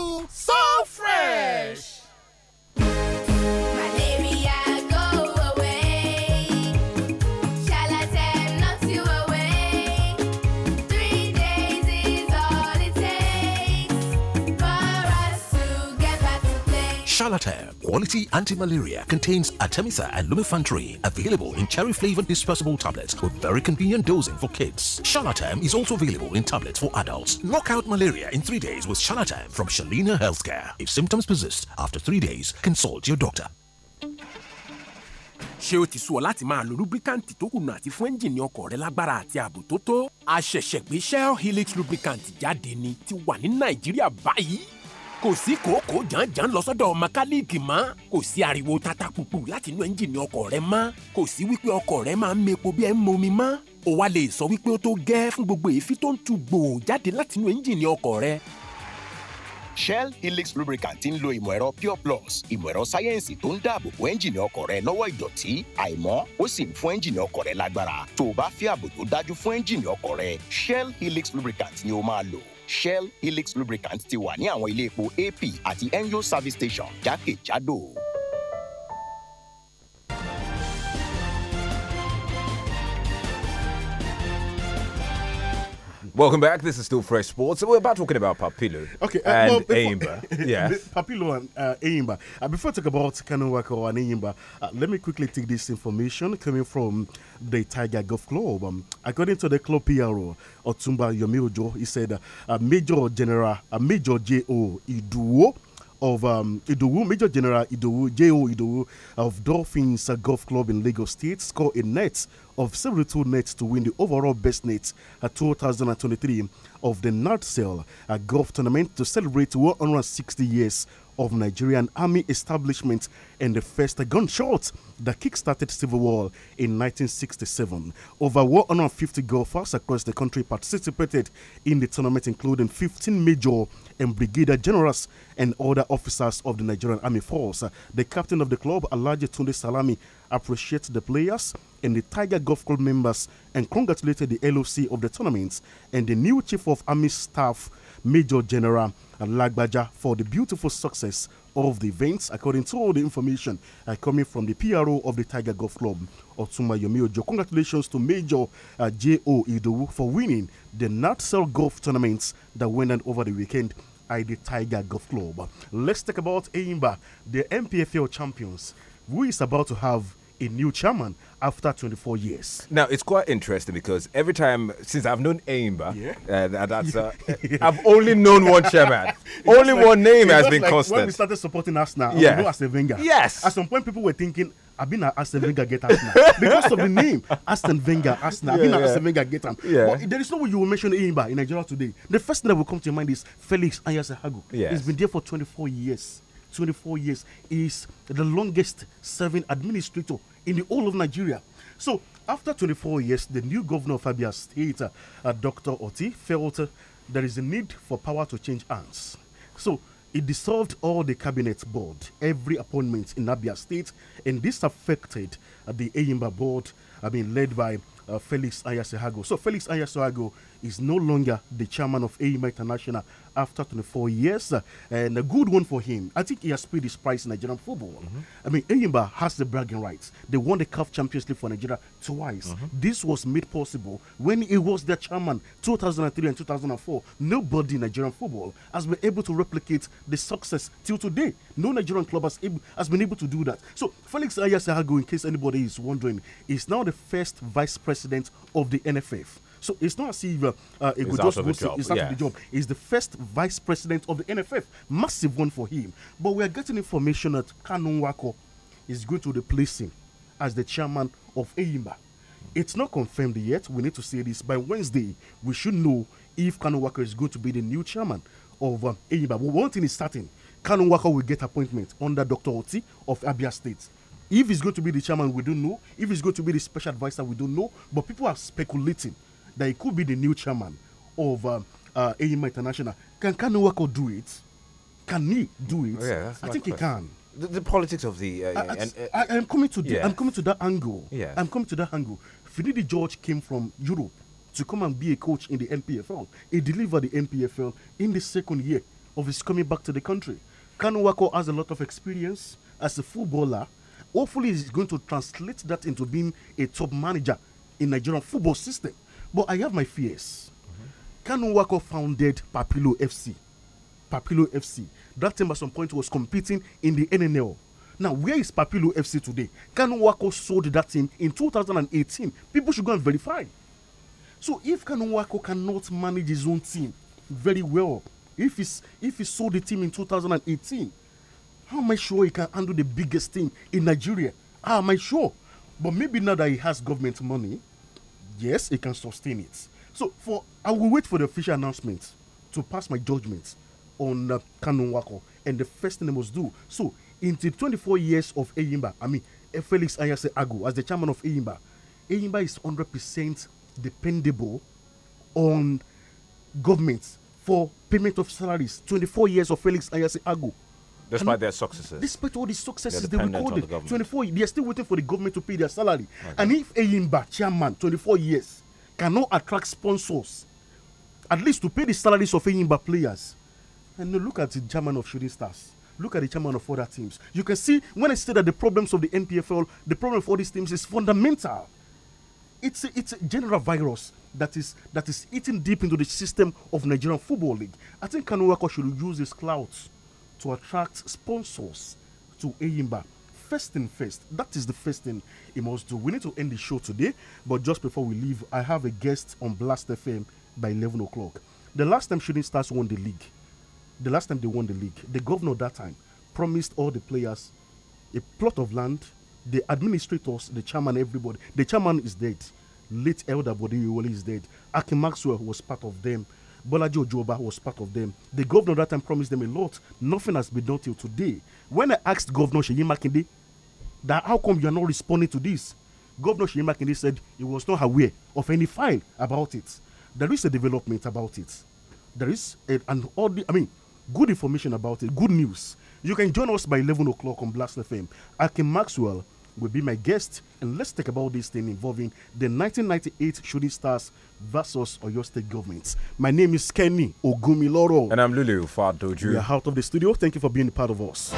so fresh. Charlatan Quality Anti-Malaria contains Artemisa and Lumefantrine, available in cherry-flavored dispersible tablets with very convenient dosing for kids. Charlatan is also available in tablets for adults. Knock out malaria in three days with Charlatan from Shalina Healthcare. If symptoms persist after three days, consult your doctor. ṣé o ti sú láti máa lo lubricant tó kùnà àti fún ẹ́ńjìnì ọkọ̀ rẹ lágbára àti ààbò tó tó? a ṣẹ̀ṣẹ̀ shell helix lubricant jáde ni ti wà ní nàìjíríà báyìí kò sí kòókòó jàǹjàǹ lọ sọ́dọ̀ mẹkáníìkì mọ́ kò sí ariwo tata pupu láti inú ẹ́ńjìnì ọkọ̀ rẹ mọ́ kò sí wípé ọkọ̀ rẹ máa ń mepo bí ẹ ń momi mọ́ o wá lè sọ wípé ó tó gẹ́ fún gbogbo èéfín tó ń tu gbòò jáde láti inú ẹ́ńjìnì ọkọ̀ rẹ. Shell Helix lubricant ń lo ìmọ̀ ẹ̀rọ Pure Plus ìmọ̀ ẹ̀rọ sáyẹ́ǹsì tó ń dáàbò bo ẹ́ńjìnì ọkọ̀ rẹ lọ́wọ́ ìdọ̀tí àìmọ́ ó sì ń fún ẹ́ńjìnì ọkọ̀ rẹ lágbára tó o bá fẹ́ ààbò tó dájú fún ẹ́ńjìnì ọkọ̀ rẹ Shell Helix lubricant ni o máa lò shell helix lubricant ti wà ní àwọn ilé epo ap àti enyo service station jákèjádò. Welcome back. This is still Fresh Sports. We're about talking about Papilo okay, uh, and well, before, Aimba. [laughs] yeah, Papilo and uh, Aimba. Uh, before I talk about Kanuwako and Aimba, uh, let me quickly take this information coming from the Tiger Golf Club. Um, according to the club PRO, Otumba Yomi he said uh, Major General, uh, Major J.O. Iduo of um, Major General Idowu, J.O. Idowu of Dolphins Golf Club in Lagos State scored a net of 72 nets to win the overall best nets at uh, 2023 of the NADCEL a Golf Tournament to celebrate 160 years of Nigerian army establishment and the first gunshot that kick-started civil war in 1967. Over 150 golfers across the country participated in the tournament, including 15 major and brigadier generals and other officers of the Nigerian Army Force. The captain of the club, Alaji Tunde Salami, appreciated the players and the Tiger Golf Club members and congratulated the LOC of the tournament and the new chief of Army Staff Major General Lagbaja for the beautiful success of the events, according to all the information uh, coming from the PRO of the Tiger Golf Club, Otuma Yomiojo. Congratulations to Major uh, J.O. Idowu for winning the Natsel Golf Tournaments that went on over the weekend at the Tiger Golf Club. Let's talk about Aimba, the MPFL champions, who is about to have a new chairman after 24 years. Now it's quite interesting because every time since I've known Aimba, yeah. uh, that's uh, [laughs] yeah. I've only known one chairman. [laughs] only like, one name has been like constant. When we started supporting us now, yeah. we know Arsene Wenger. Yes. At some point, people were thinking. I've been at Aston Wenger get Arsenal [laughs] because of the name Aston Wenger Arsenal. Yeah, I've been yeah. at Aston Wenger get him. Yeah. But there is no way you will mention Imba in Nigeria today. The first thing that will come to your mind is Felix Ayasehagu. Yes. He's been there for 24 years. 24 years is the longest serving administrator in the whole of Nigeria. So after 24 years, the new governor of Abia State, uh, uh, Dr. Oti, felt uh, there is a need for power to change hands. So he dissolved all the cabinet board, every appointment in Abia State, and this affected uh, the Eyimba board, I mean, led by uh, Felix Ayasehago. So Felix Ayasehago is no longer the chairman of AIMA International after 24 years, uh, and a good one for him. I think he has paid his price in Nigerian football. Mm -hmm. I mean, Eyimba has the bragging rights. They won the CAF Champions League for Nigeria twice. Mm -hmm. This was made possible when he was their chairman 2003 and 2004. Nobody in Nigerian football has been able to replicate the success till today. No Nigerian club has, has been able to do that. So, Felix Ayasahago, in case anybody is wondering, is now the first vice president of the NFF. So it's not as if uh, uh it could just go job. it's out the job. He's the first vice president of the NFF. Massive one for him. But we are getting information that Kanon Wako is going to replace him as the chairman of AIMBA. It's not confirmed yet. We need to see this by Wednesday. We should know if Kanon Wako is going to be the new chairman of um, AIMBA. But one thing is certain. Kanon Wako will get appointment under Dr. Oti of Abia State. If he's going to be the chairman, we don't know. If he's going to be the special advisor, we don't know. But people are speculating that he could be the new chairman of um, uh, AIMA International. Can Kanu Wako do it? Can he do it? Oh, yeah, I think question. he can. The, the, politics of the. Uh, I, I, am uh, coming to yeah. I'm coming to that angle. Yeah. I'm coming to that angle. Finidi George came from Europe to come and be a coach in the MPFL. He delivered the MPFL in the second year of his coming back to the country. Kanu Wako has a lot of experience as a footballer. Hopefully, he's going to translate that into being a top manager in Nigerian football system. But I have my fears. Kanu Wako founded Papilo FC. Papilo FC. That team at some point was competing in the NNL. Now, where is Papilo FC today? Kanu Wako sold that team in 2018. People should go and verify. So if Kanu Wako cannot manage his own team very well, if he's, if he sold the team in 2018, how am I sure he can handle the biggest team in Nigeria? How am I sure? But maybe now that he has government money, yes, it can sustain it. So for I will wait for the official announcement to pass my judgment on uh, Canon Wako, and the first thing I must do. So in the 24 years of Eyimba, I mean Felix Ayase Agu as the chairman of Eyimba, Eyimba is 100% dependable on government for payment of salaries. 24 years of Felix Ayase Agu Despite their successes. Despite all the successes they recorded. The 24, they are still waiting for the government to pay their salary. Okay. And if Eyimba, chairman, 24 years, cannot attract sponsors, at least to pay the salaries of Eyimba players, and look at the chairman of Shooting Stars. Look at the chairman of other teams. You can see when I say that the problems of the NPFL, the problem for these teams is fundamental. It's a, it's a general virus that is that is eating deep into the system of Nigerian Football League. I think Kanuwako should use his clout to attract sponsors to Ayimba. First thing first, that is the first thing he must do. We need to end the show today, but just before we leave, I have a guest on Blast FM by 11 o'clock. The last time Shooting Stars won the league, the last time they won the league, the governor that time promised all the players a plot of land, the administrators, the chairman, everybody. The chairman is dead. Late Elder Bodiwole is dead. Aki Maxwell was part of them. Bolaji Ojuoba was part of them. The governor that time promised them a lot. Nothing has been done till today. When I asked Governor Sheyi Makinde that how come you are not responding to this, Governor Sheyi Makinde said he was not aware of any file about it. There is a development about it. There is a, an odd, I mean, good information about it, good news. You can join us by 11 o'clock on Blast FM. Akim Maxwell will be my guest. And let's talk about this thing involving the 1998 Shooting Stars versus Oyo State government. My name is Kenny Ogumiloro. And I'm Lulu Fadoju. We are out of the studio. Thank you for being part of us.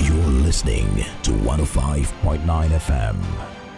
You're listening to 105.9 FM.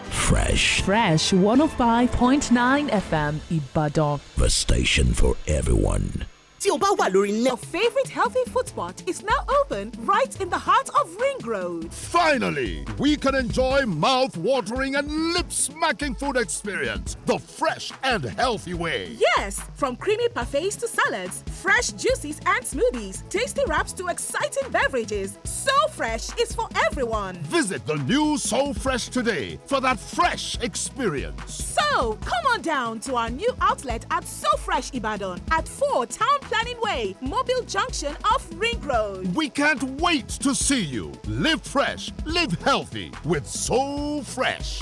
Fresh. Fresh 105.9 FM Ibadan. The station for everyone tí o bá wà lórí Your favourite healthy food spot is now open right in the heart of Ring Road. Finally, we can enjoy mouth-watering and lip-smacking food experience the fresh and healthy way. Yes, from creamy parfaits to salads, fresh juices and smoothies, tasty wraps to exciting beverages. So Fresh is for everyone. Visit the new So Fresh today for that fresh experience. Oh, come on down to our new outlet at So Fresh Ibadan at 4 Town Planning Way, Mobile Junction off Ring Road. We can't wait to see you. Live fresh, live healthy with So Fresh.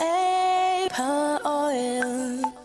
April oil.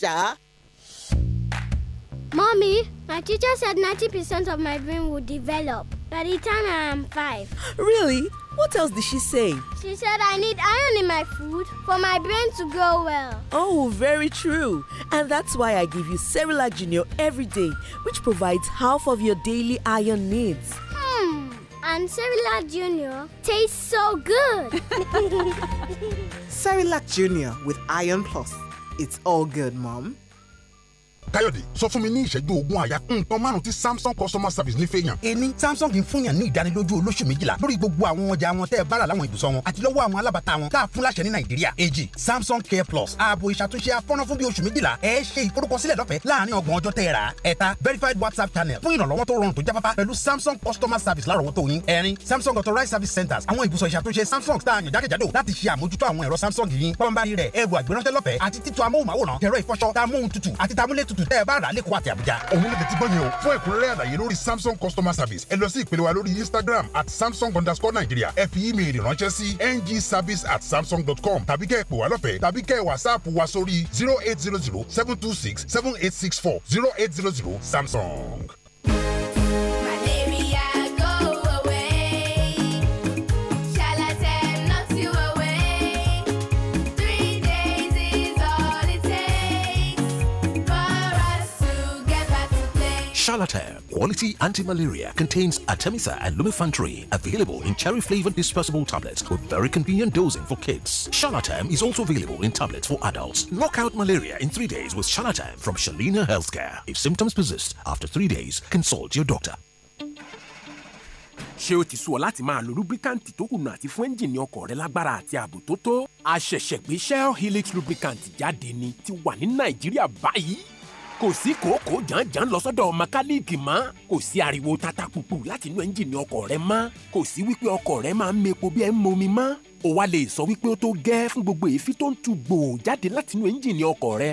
Elijah. Mommy, my teacher said 90% of my brain will develop by the time I am five. Really? What else did she say? She said I need iron in my food for my brain to grow well. Oh, very true. And that's why I give you Cerilac Junior every day, which provides half of your daily iron needs. Hmm. And Cerilac Junior tastes so good. [laughs] Cerilac Junior with Iron Plus. It's all good, Mom. káyọ̀dé sọ fún mi ní ìṣẹ́jú ogún àyà nǹkan márùn tí samsung customer service ní fẹ́yàn. èmi samsung ń fúnyàn ní ìdánilójú olóṣù méjìlá lórí gbogbo àwọn ọjà wọn tẹ́ ẹ bára láwọn ibùsọ̀ wọn àti lọ́wọ́ àwọn alábàtà wọn tá a fún láṣẹ ní nàìjíríà. èjì samsung care plus ààbò ìṣàtúnṣe afọ́nà fún bí oṣù méjìlá ẹ ṣe ìforúkọsílẹ̀ lọ́fẹ̀ẹ́ láàárín ọgbọ̀n ọjọ́ tẹ́ ẹ rà. ẹ̀ta verified whatsapp channel fún ìrànlọ́wọ́ tó rọrùn tó jáfáfá pẹ̀lú samsung customer service lárọ̀wọ́tó yín. ẹ̀rin samsung authorized service centers àwọn ibùsọ̀ ìṣàtúnṣe samsung tá a yàn jákèjádò láti ṣe àmójútó àwọn ẹ̀rọ samsung yìí pọ́nbárì rẹ̀ ẹ̀rù àgbéránṣẹ́ lọ́fẹ̀ẹ́ àti títú amóhùnmáwòrán ẹ̀rọ ìfọṣọ tamóhun tutù àti tamúlé tutù méjì tẹ́ ẹ bá rà ní kó àti àbújá. òun lè tètè gbọ́yìn o fún ẹ̀kúnrẹ́rẹ́ àlàyé lórí samsung customer service ẹ lọ sí ìpele wa lórí instagram at samsung underscore nigeria ẹ fi ímeèlì ránṣẹ́ sí ngservice at samsung dot com tàbí kẹ́ ẹ pè wá lọ́fẹ̀ẹ́ tàbí kẹ́ ẹ wàsáàpù wa sórí zero eight zero zero seven two six seven eight six four zero eight zero zero samsung. Charlatan Quality Anti-Malaria contains Artemisa and Lumefantrine, available in cherry-flavored dispersible tablets with very convenient dosing for kids. Charlatan is also available in tablets for adults. Knock out malaria in three days with Charlatan from Shalina Healthcare. If symptoms persist after three days, consult your doctor. ṣé o ti sú láti máa lo lubricant tó kùnà àti fún ẹ́ńjìnì ọkọ̀ rẹ lágbára àti ààbò tó tó? a ṣẹ̀ṣẹ̀ gbé shell helix lubricant jáde ni ti wà ní nàìjíríà báyìí kò sí kòókòó jàǹjàǹ lọ sọ́dọ̀ mẹkáníìkì mọ́ kò sí ariwo tata pupu láti ẹ́ńjìnì ọkọ̀ rẹ mọ́ kò sí wípé ọkọ̀ rẹ máa ń mepo bí ẹ ń momi mọ́ o wá lè sọ wípé ó tó gẹ́ fún gbogbo èéfín tó ń tu gbòò jáde láti ẹ́ńjìnì ọkọ̀ rẹ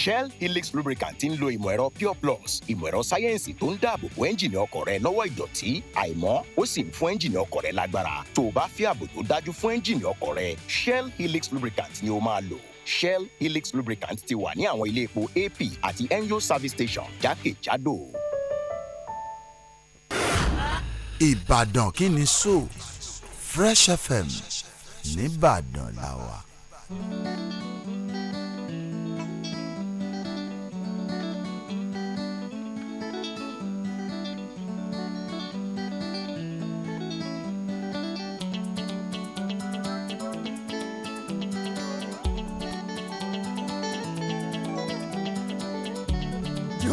Shell Helix lubricant ń lo ìmọ̀ ẹ̀rọ Pure Plus ìmọ̀ ẹ̀rọ sáyẹ́ǹsì tó ń dáàbò bo ẹ́ńjìnì ọkọ̀ rẹ lọ́wọ́ ìdọ̀tí àìmọ́ ó sì ń fún ẹ́ńjìnì ọkọ̀ rẹ lágbára tó o bá fẹ́ ààbò dájú fún ẹ́ńjìnì ọkọ̀ rẹ Shell Helix lubricant ni o máa lò shell helix lubricant ti wà ní àwọn ilé epo ap àti enyo service station jákèjádò. ìbàdàn kí ni so fresh fm nìbàdàn làwà. thank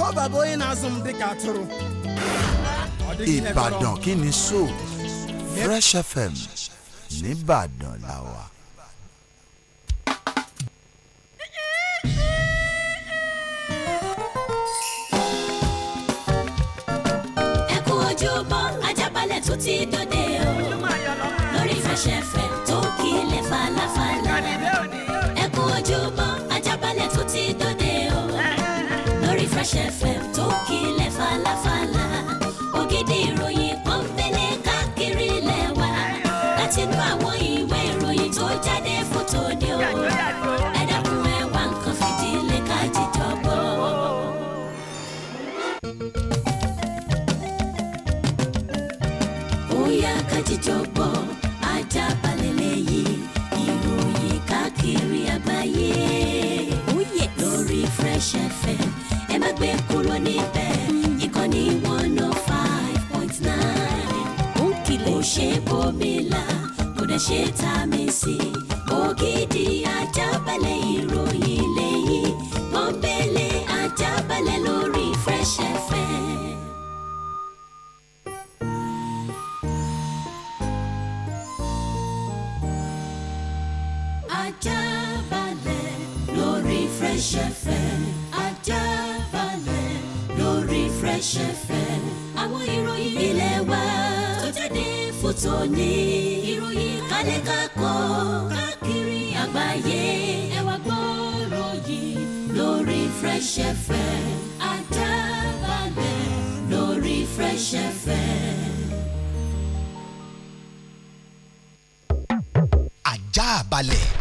ọ bago onye na-azụ m Ìbàdàn kí ni so Fresh FM nìbàdàn la wà. ẹ kú ojúbọ Ajaabale tó ti dòde o lórí Fresh FM tó kílẹ̀ falafala. Fresh FM tó kílẹ̀ falafala ògidì ìròyìn kan fẹ́lẹ̀ káàkiri ilẹ̀ wa láti inú àwọn ìwé ìròyìn tó jáde fótó ni o ẹ dákun ẹ wá nǹkan fìdílé ká jíjọ gbọ́. bóyá ká jíjọ gbọ́ ajá balẹ̀ lẹ́yìn ìròyìn káàkiri àgbáyé oh lórí Fresh FM. ṣe tá a mi sí ògidì ajábalẹ̀ ìròyìn lẹ́yìn pọ́npẹ́lẹ́ ajábalẹ̀ lórí Fresh FM. ajábalẹ̀ lórí Fresh FM lórí Fresh àwọn ìròyìn ilé wa tó jáde fún tòní ayé ẹ wá gbọ́rọ̀ yìí lórí Fresh FM Àjààbálẹ̀ lórí Fresh FM. Àjààbálẹ̀.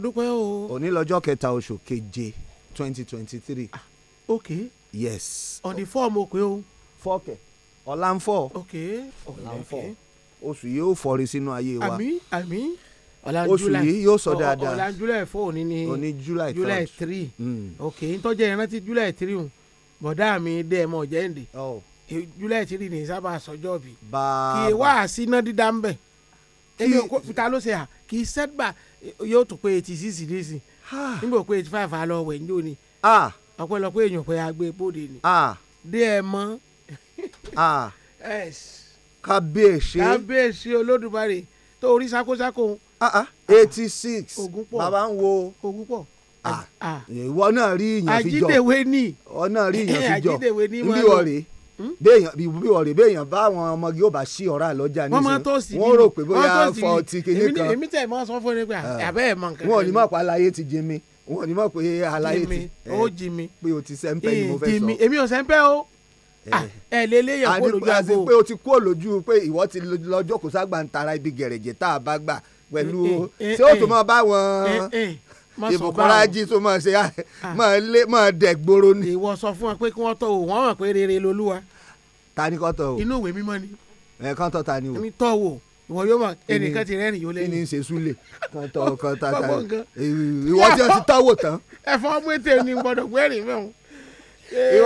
àdúpẹ́ o. òní lọ́jọ́ kẹta oṣù keje twenty twenty three. Ah, ok yes. ọ̀nì fọ́ọ̀ mo pé o. fọ́ọ̀kẹ̀ ọ̀la ń fọ́. ok ọ̀la ń fọ́ oṣù yìí yóò fọrí sínú ayé wa. àmín àmín oṣù yìí yóò sọ dáadáa ọ̀la july four òní ni òní july third mm. july three ok ntọ́jà ìrántí july three o bọ̀dá mi dẹ́ ẹ̀ mọ̀ jẹ́ ǹdẹ̀ july three ní sábà sọjọ́ bi kì í wá sí iná dídá ń bẹ̀ ta ló ṣe à kì í sẹ́gbà yóò tún pé eighty six nísì ah. nígbà pé eighty five alọ wẹ̀ ní òní ah. ọ̀pọ̀lọpọ̀ èèyàn pé agbe bóde ni ah. dé ẹ mọ́ [laughs] kábíyèsí kábíyèsí olódùmarè tó orí sákósákó eighty six bàbá ń wo ogún pọ̀ ìwọ náà rí ìyàn fi jọ ìwọ náà rí ìyàn fi [laughs] jọ ìlú ọ̀rẹ́ béèyàn bí wọ́n rè béèyàn bá àwọn ọmọge yóò bá sí ọ̀rá lọ́jà nísìnyí wọ́n rò pé bóyá fọ ti kinní kan èmi tẹ̀ mọ́ sọ fún mi pé ah, ah. àbẹ́ ẹ̀ mọ nǹkan. wọn ò ní mọ̀ pé aláyé ti jí mi wọn ò ní mọ̀ pé aláyé ti ó jí mi pé o ti sẹ́ńpẹ́ ni mo fẹ́ sọ. èmi ò sẹ́ńpẹ́ o eh. ah, ẹ lé lé yẹn kó lójú àgbo. àti pé o ti kó lójú pé ìwọ ti lọ jókòó ságbà ń ibi gẹ̀rẹ̀jẹ̀ tá a bá gbà pẹ̀lú tí eh, ó eh, tún máa bá wọn ìbùkún rájí tó máa ṣe ah. Ah. máa dẹ̀ gbòòrò ni. ìwọ sọ fún wa pé kí wọ́n tọ̀ wò wọ́n mọ̀ pé rere lolúwa. ta ni kò tọ̀ wò. inú ìwé mímọ́ ni. ẹ kàn tọ̀ ta ni wò. èmi tọ̀ wò ìwọ yóò mọ ẹnìkan ti rẹ́rìn yóò lẹ́yìn. kí ni ṣe súlẹ̀ kan tọ̀ kan ta ta ìwọ tí wọ́n ti tọ̀ wò tán. ẹ̀fọn ọmọ ètè ni gbọ́dọ̀ gbẹ́rìn mẹ́wọ̀n. Eh.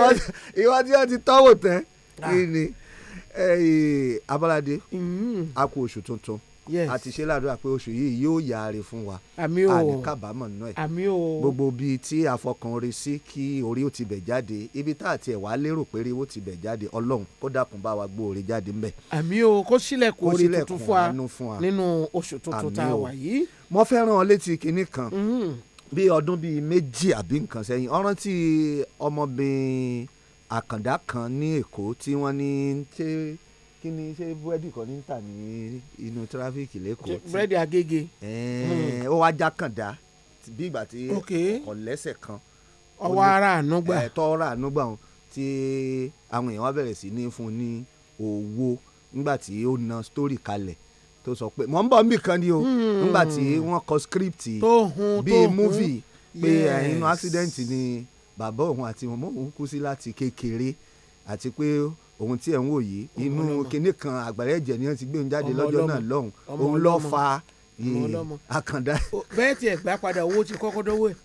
ìwọ tí wọ́n ti tọ̀ wò tán ah. kí ni abọ́ládé mm-hmm. a kú oṣù tuntun Yes. ti ṣe ládùúrà pé oṣù yìí yóò yáre fún wa àmì o àní kábàámọ̀ náà ẹ̀ àmì o gbogbo bíi tí àfọkànrin sí kí orí ó ti bẹ̀ jáde ibi tá àti ẹ̀ wá lérò pé ó ti bẹ̀ jáde ọlọ́run kó dákun bá wa gbóore jáde ńbẹ̀. àmì o kó sílẹ̀kùn orí tuntun fún wa nínú oṣù tuntun tá a wà yìí. mo fẹ́ràn létí kinní kan mm-hmm. bí ọdún bíi méjì àbí nǹkan sẹ́yìn ọ̀ràn ọmọbìnrin àkàndá kan ní èkó tí wọ́n ní ṣe kí ni ṣé búrẹ́dì kan ní tà ní inú tírafíkì lẹ́kọ̀ọ́. búrẹ́dì agége. ó wá já kàndá bí ìgbà tí ọkọ̀ lẹ́sẹ̀ kan. ọwọ́ ara ànúgbà. ẹ̀tọ́ ara ànúgbà wọn tí àwọn èèyàn wá bẹ̀rẹ̀ sí ní fún ní owó nígbà tí ó na story kalẹ̀ tó sọ pé mọ̀ ń bọ̀ níbì kan ni o hmm. nígbà tí wọ́n kọ script bíi movie pé inú accident ni bàbá òun àti mọ̀mọ́ òun kú sí láti kékeré àti pé ohun tí ẹ̀ ń wò yìí inú kinní kan àgbàrá ẹ̀jẹ̀ ni wọ́n ti gbé jáde lọ́jọ́ náà lọ́hùn òun lọ́ fa àkàndá. bẹ́ẹ̀ tiẹ̀ gbà padà owó ti kọ́kọ́ dọ́wọ́ ẹ̀.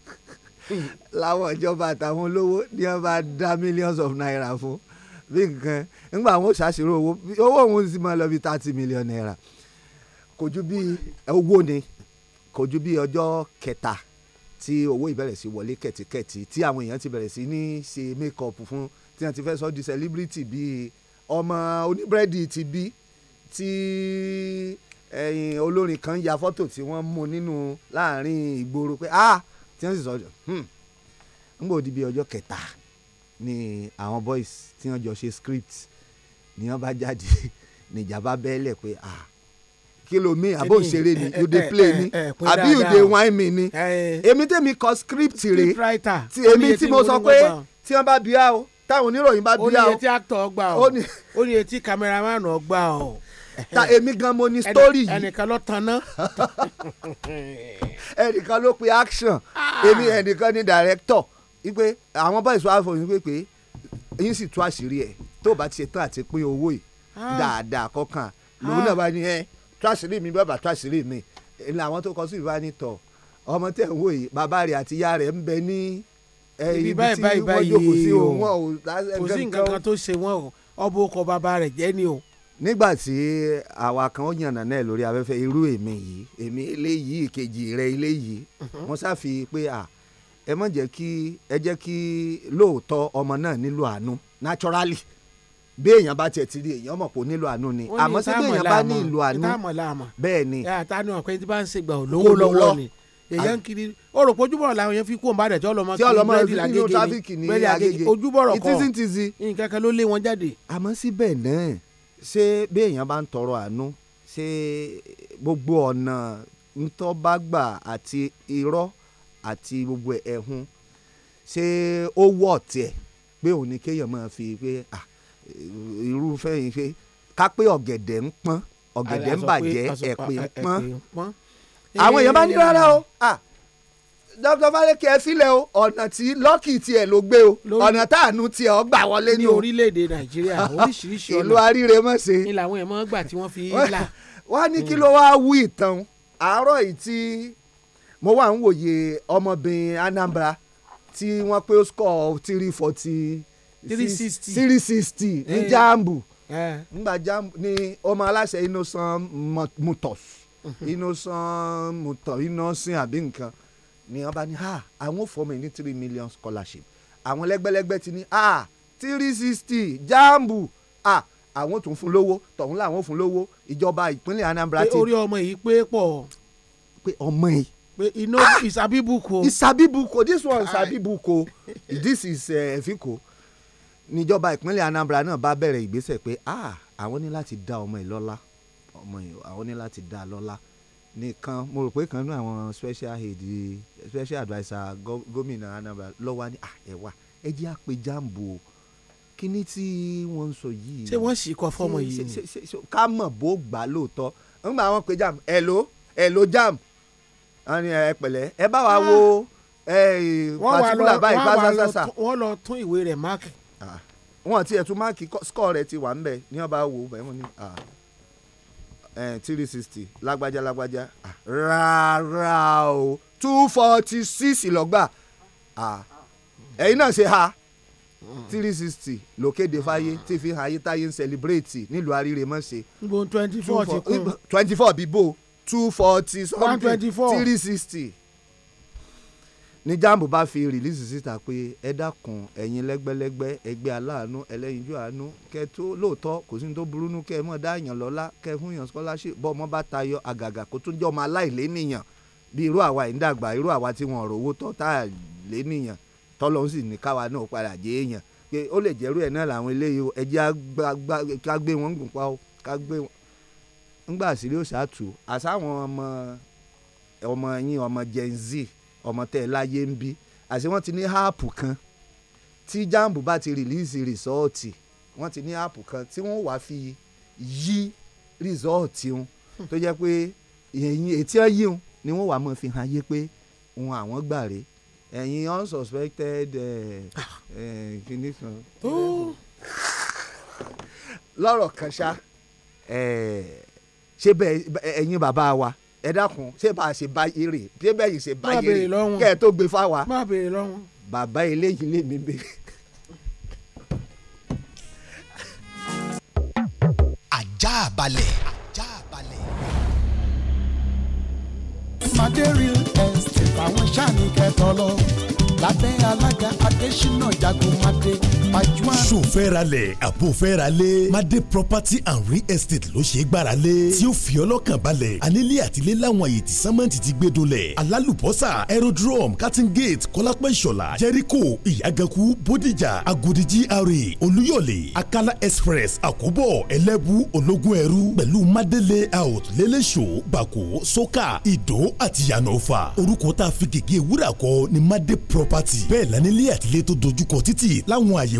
láwọn ìjọba àtàwọn olówó ni wọ́n bá dá millions of naira fún bí nǹkan nígbà àwọn òṣàṣírò owó owó òun sì máa lọ bí thirty million naira kò ju bí owó ni kò ju bí ọjọ́ kẹta tí owó ìbẹ̀rẹ̀ sí wọlé kẹ̀tíkẹ̀tí tí àwọn èèyàn ti bẹ̀rẹ̀ sí ní ṣe make up fún tí wọ́n ti fẹ́ sọ di celebrity bíi ọmọ oníbírẹ́dì ti bí tí ẹyin olórin kan ya fọ́tò tí wọ́n mú nínú láàrin ìgboro pé ah tí wọ́n sì sọ̀jọ̀ ń hmm. gbọ́ di bíi ọjọ́ kẹta ni àwọn boys tí wọ́n jọ ṣe script ni wọ́n bá jáde [laughs] níjà bá bẹ́ẹ̀lẹ̀ pé ah kí ló mi àbò òṣèré ni eh, you dey eh, play eh, ni àbí you dey wine me ni emi tèmi kọ script rè tí èmi ti mo sọ pé tí wọ́n bá bí a o táwọn oníròyìn bá bí a. ó ní etí actor gbà o ó ní etí cameraman gbà o [laughs] ta èmi gan mo ní story yìí ẹnìkan ló tanná [laughs] ẹnìkan ló pe action èmi ah. ẹnìkan ni director wípé àwọn báyìí sọ àfọyín pépé yín sì tú àṣírí ẹ tó bá ti ṣe tán àti pín owó yìí ah. dáadáa kọkàn lòun náà ah. bá ní ẹ tú àṣírí mi bàbá tú àṣírí mi làwọn tó kọ sí ìbánitọ ọmọ tẹ̀ ń wò yìí bàbá rẹ̀ àti ìyá rẹ̀ ń bẹ ní ibi báyìí báyìí báyìí o kò sí nǹkan kan tó ṣe wọ́n o ọba ọkọ̀ bàbá rẹ̀ jẹ́ ni o. nígbà tí àwa kan ó yànnà náà lórí afẹ́fẹ́ irú èmi yìí èmi eléyìí ìkejì rẹ̀ eléyìí mhm. wọ́n ṣàfi pé à ẹ má jẹ́ kí ẹ jẹ́ kí lóòótọ́ ọmọ náà nílò àánú naturally bí èèyàn bá tiẹ̀ ti rí èèyàn mọ̀ pé nílò àánú ni àmọ́ sí bí èèyàn bá ní ìlò àánú bẹ́ẹ̀ ni. yàtá nù ọ̀pẹ́ tí bá ń ṣègbà olówó lọ́wọ́ ni èyàn ń kiri ó rò pé ojúbọ̀rọ̀ làwọn yẹn fi kú òǹbàdàn tí ọlọmọ kiri bẹ́ẹ̀dì làgége ni bẹ́ẹ̀dì àgége ojúbọ̀rọ̀ kọ́ nǹkan kan ló lé wọn jáde. àmọ́ síbẹ̀ náà ṣé béèyàn bá ń tọrọ àánú ṣé gbogbo ọ̀nà ntọ́ bá gbà àti irọ́ àti gbogbo ẹ̀hún ṣé ó wọ̀ tiẹ̀ pé òun ni kéèyàn máa fi pé irúfẹ́ yìí pé ká pé ọ̀gẹ̀dẹ̀ ń pọ́n ọ̀gẹ̀dẹ̀ ń bàjẹ́ ẹ̀pẹ̀ ń pọ́n àwọn èèyàn bá ní rárá o ah, dr falẹkẹ ẹ filẹ̀ o ọ̀nà tí lọ́kì tiẹ̀ ló gbé o ọ̀nà táànù tiẹ̀ ọ gbà wọlé ni o. ní orílẹ̀-èdè nàìjíríà [laughs] oríṣiríṣi ọ̀nà ìlú aríire mọ̀ ṣe. ni làwọn ẹ̀ mọ́ gbà tí wọ́n fi là. [laughs] wọ́n á ní kí hmm. ló wáá wú ìtàn àárọ̀ yìí tí mo wà ń wòye ọmọbìnrin Anambra tí wọ́n pé ó score three forty three sixty ní eh. jambu eh. nígbà jambu ni ọmọ aláṣẹ Innocent Mutos innocent mutọ innocent àbí nǹkan ni wọ́n bá ní ah àwọn ò fọmọ ní three million scholarship àwọn lẹ́gbẹ́lẹ́gbẹ́ ti ní ah three sixty jambu ah àwọn tún fún lówó tọ̀hún làwọn fún lówó ìjọba ìpínlẹ̀ Anambra ti. pé orí ọmọ yìí pé pọ̀. pé ọmọ yìí. pé iná ìsàbíbùkọ. ìsàbíbùkọ this one ìsàbíbùkọ this is ẹ̀fíkọ. Eh, níjọba ìpínlẹ̀ Anambra náà bá bẹ̀rẹ̀ ìgbésẹ̀ pé ah àwọn ní láti dá ọmọ yìí ọmọ àwọn ní láti dá a lọ́lá nìkan mo rò pé kan nínú àwọn special aid special adviser gómìnà Anambra lọ́wọ́ ní ẹ̀wà ẹ jẹ́ àpè jambo o kíní tí wọ́n ń sọ yìí. ṣé wọ́n sì kọ fọ́mọ yìí ni. ká mọ̀ bó gbà lóòótọ́ ń bá wọn pe jam ẹ ló ẹ ló jam ẹ pẹ̀lẹ́ ẹ bá wa ah. wo patikula báyìí pásásásá. wọ́n lọ tún ìwé rẹ̀ máàkì. Ah, wọ́n ti ẹ̀ tún máàkì skọ́ọ̀ rẹ̀ ti wà ń bẹ̀ ní ọba wo bẹ́ẹ̀ wọ́n ní. Ah. Eh, three sixty lágbájá lágbájá ah, rárá o two forty six lọ́gbà ah, ẹ̀yin náà ṣe ha three sixty ló kéde fáyé tí fi hàn ayé táyé ń celebrate nílùú àríre mọ́ ṣe. twenty four ti kún. twenty four bíbó two forty something three sixty ní jambo bá fi rìlíìsì síta pé ẹ dákun ẹ̀yin lẹ́gbẹ́lẹ́gbẹ́ ẹgbẹ́ aláàánú ẹlẹ́yinjú àánú kẹ tó lóòótọ́ kò sí ní tó burú nú kẹ mọ̀ dá èèyàn lọ́lá kẹ fún èèyàn scholarship bọ́ ọmọ bá tayọ àgàgà kó tún jẹ́ ọmọ aláìlé nìyàn bí irú àwa ìdàgbà irú àwa tí wọn ọ̀rọ̀ owó tọ́ tá à lé nìyàn tọ́lọ́ sì ní káwa náà padà jẹ́ èèyàn pé ó lè jẹ́rú ẹ̀ náà làwọn eléyìí o ẹjẹ́ ká gbé wọn gùn pa ó ká gbé wọn. ńgbà sílé òṣàtù àsáwọn ọmọ ọmọ yín ọmọ tẹ́ ẹ láyé ń bí àti wọ́n ti ní áàpù kan tí jambu bá ti release rìsọ́ọ̀tì wọ́n ti ní áàpù kan tí wọ́n wàá fi yí rìsọ́ọ̀tì wọn hmm. tó jẹ́ pé èyí etí ẹ yí wọn ni wọ́n wàá mọ̀ fi hàn yé pé òun àwọn gbà rè ẹ̀yin unsuspected eh, eh, kìnìún kan lọ́rọ̀ kan ṣá eh, ṣé bẹ́ẹ̀ ẹ̀yin bàbá wa ẹ dákun ṣé bá a ṣe bá yé ṣé bẹ́ẹ̀ yìí ṣe bá yé kẹ́ ẹ tó gbé fáwa bàbá eléyìí lè mí bèrè. ajá balẹ̀. ajá real estate àwọn sáà ní kẹtọ lọ lábẹ́ alága Adésínà jagun Màdé Pajúmọ́. sòfẹ́ralẹ̀ àbòfẹ́ralẹ̀ Made property and real estate ló ṣe é gbáralẹ̀ tí ó fi ọlọ́kàn balẹ̀ anílé àtìlẹ́ láwọn àyè tí sẹ́mẹ́ǹtì ti gbé dolẹ̀ alálùbọ́sà aerodrome cutting gate kọ́lápẹ́ ìṣọ̀lá jẹ́ríkò ìyàgànkù bódìjà agodi gra olúyọ̀lé akala express àkóbọ̀ ẹlẹ́bù ológun ẹrú pẹ̀lú Made layout lẹ́lẹ́ṣọ́ bàkó sọ́kà ìdó àti yànnọ́fà orúkọ tá a fi gègé wúrà kọ ni Made property bẹ́ẹ̀ lánílé àtìlẹ́ tó dojúkọ títì láwọn àyè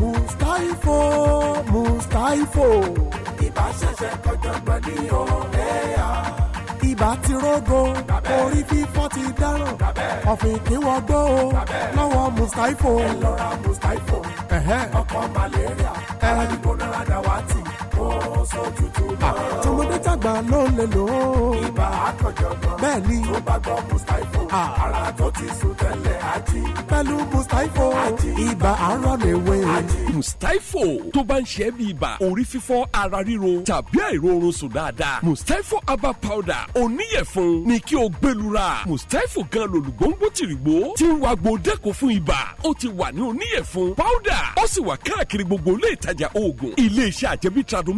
mustaifo mustaifo. ibà ṣẹ̀ṣẹ̀ kọjọgbọ́n ní ọ̀rẹ́ à. ibà ti rógo orí fífọ́ ti dáràn ọ̀fìn ìkínwọ́gbọ́ o lọ́wọ́ mustaifo. ẹ lọ ra mustaifo ọkọ̀ malaria aládìgbò náírà dàwátì. Ah, tọmọdé tàgbà ló lè lò ó. ibà àkànjọ̀gbọ́n. bẹ́ẹ̀ ni. tó bá gbọ́ mustapho. Ah. ara tó ti sùn tẹ́lẹ̀ ají. pẹ̀lú mustapho. ají ibà arọ lè wé. ají mustapho tó bá ń ṣe é bí ibà orí fífọ́ ara ríro tàbí àìróorun sùn dáadáa. mustapho herbal powder oníyẹ̀fun ni kí o gbẹlura. mustapho gan lòlùgbòǹgbò tìrìgbò ti ń wa gbo dẹ́kun fún ibà. ó ti wà ní oníyẹ̀fun powder ó sì wà káàkiri gbogbo ilé ìtajà oògùn ilé iṣẹ́ àjẹbí tradom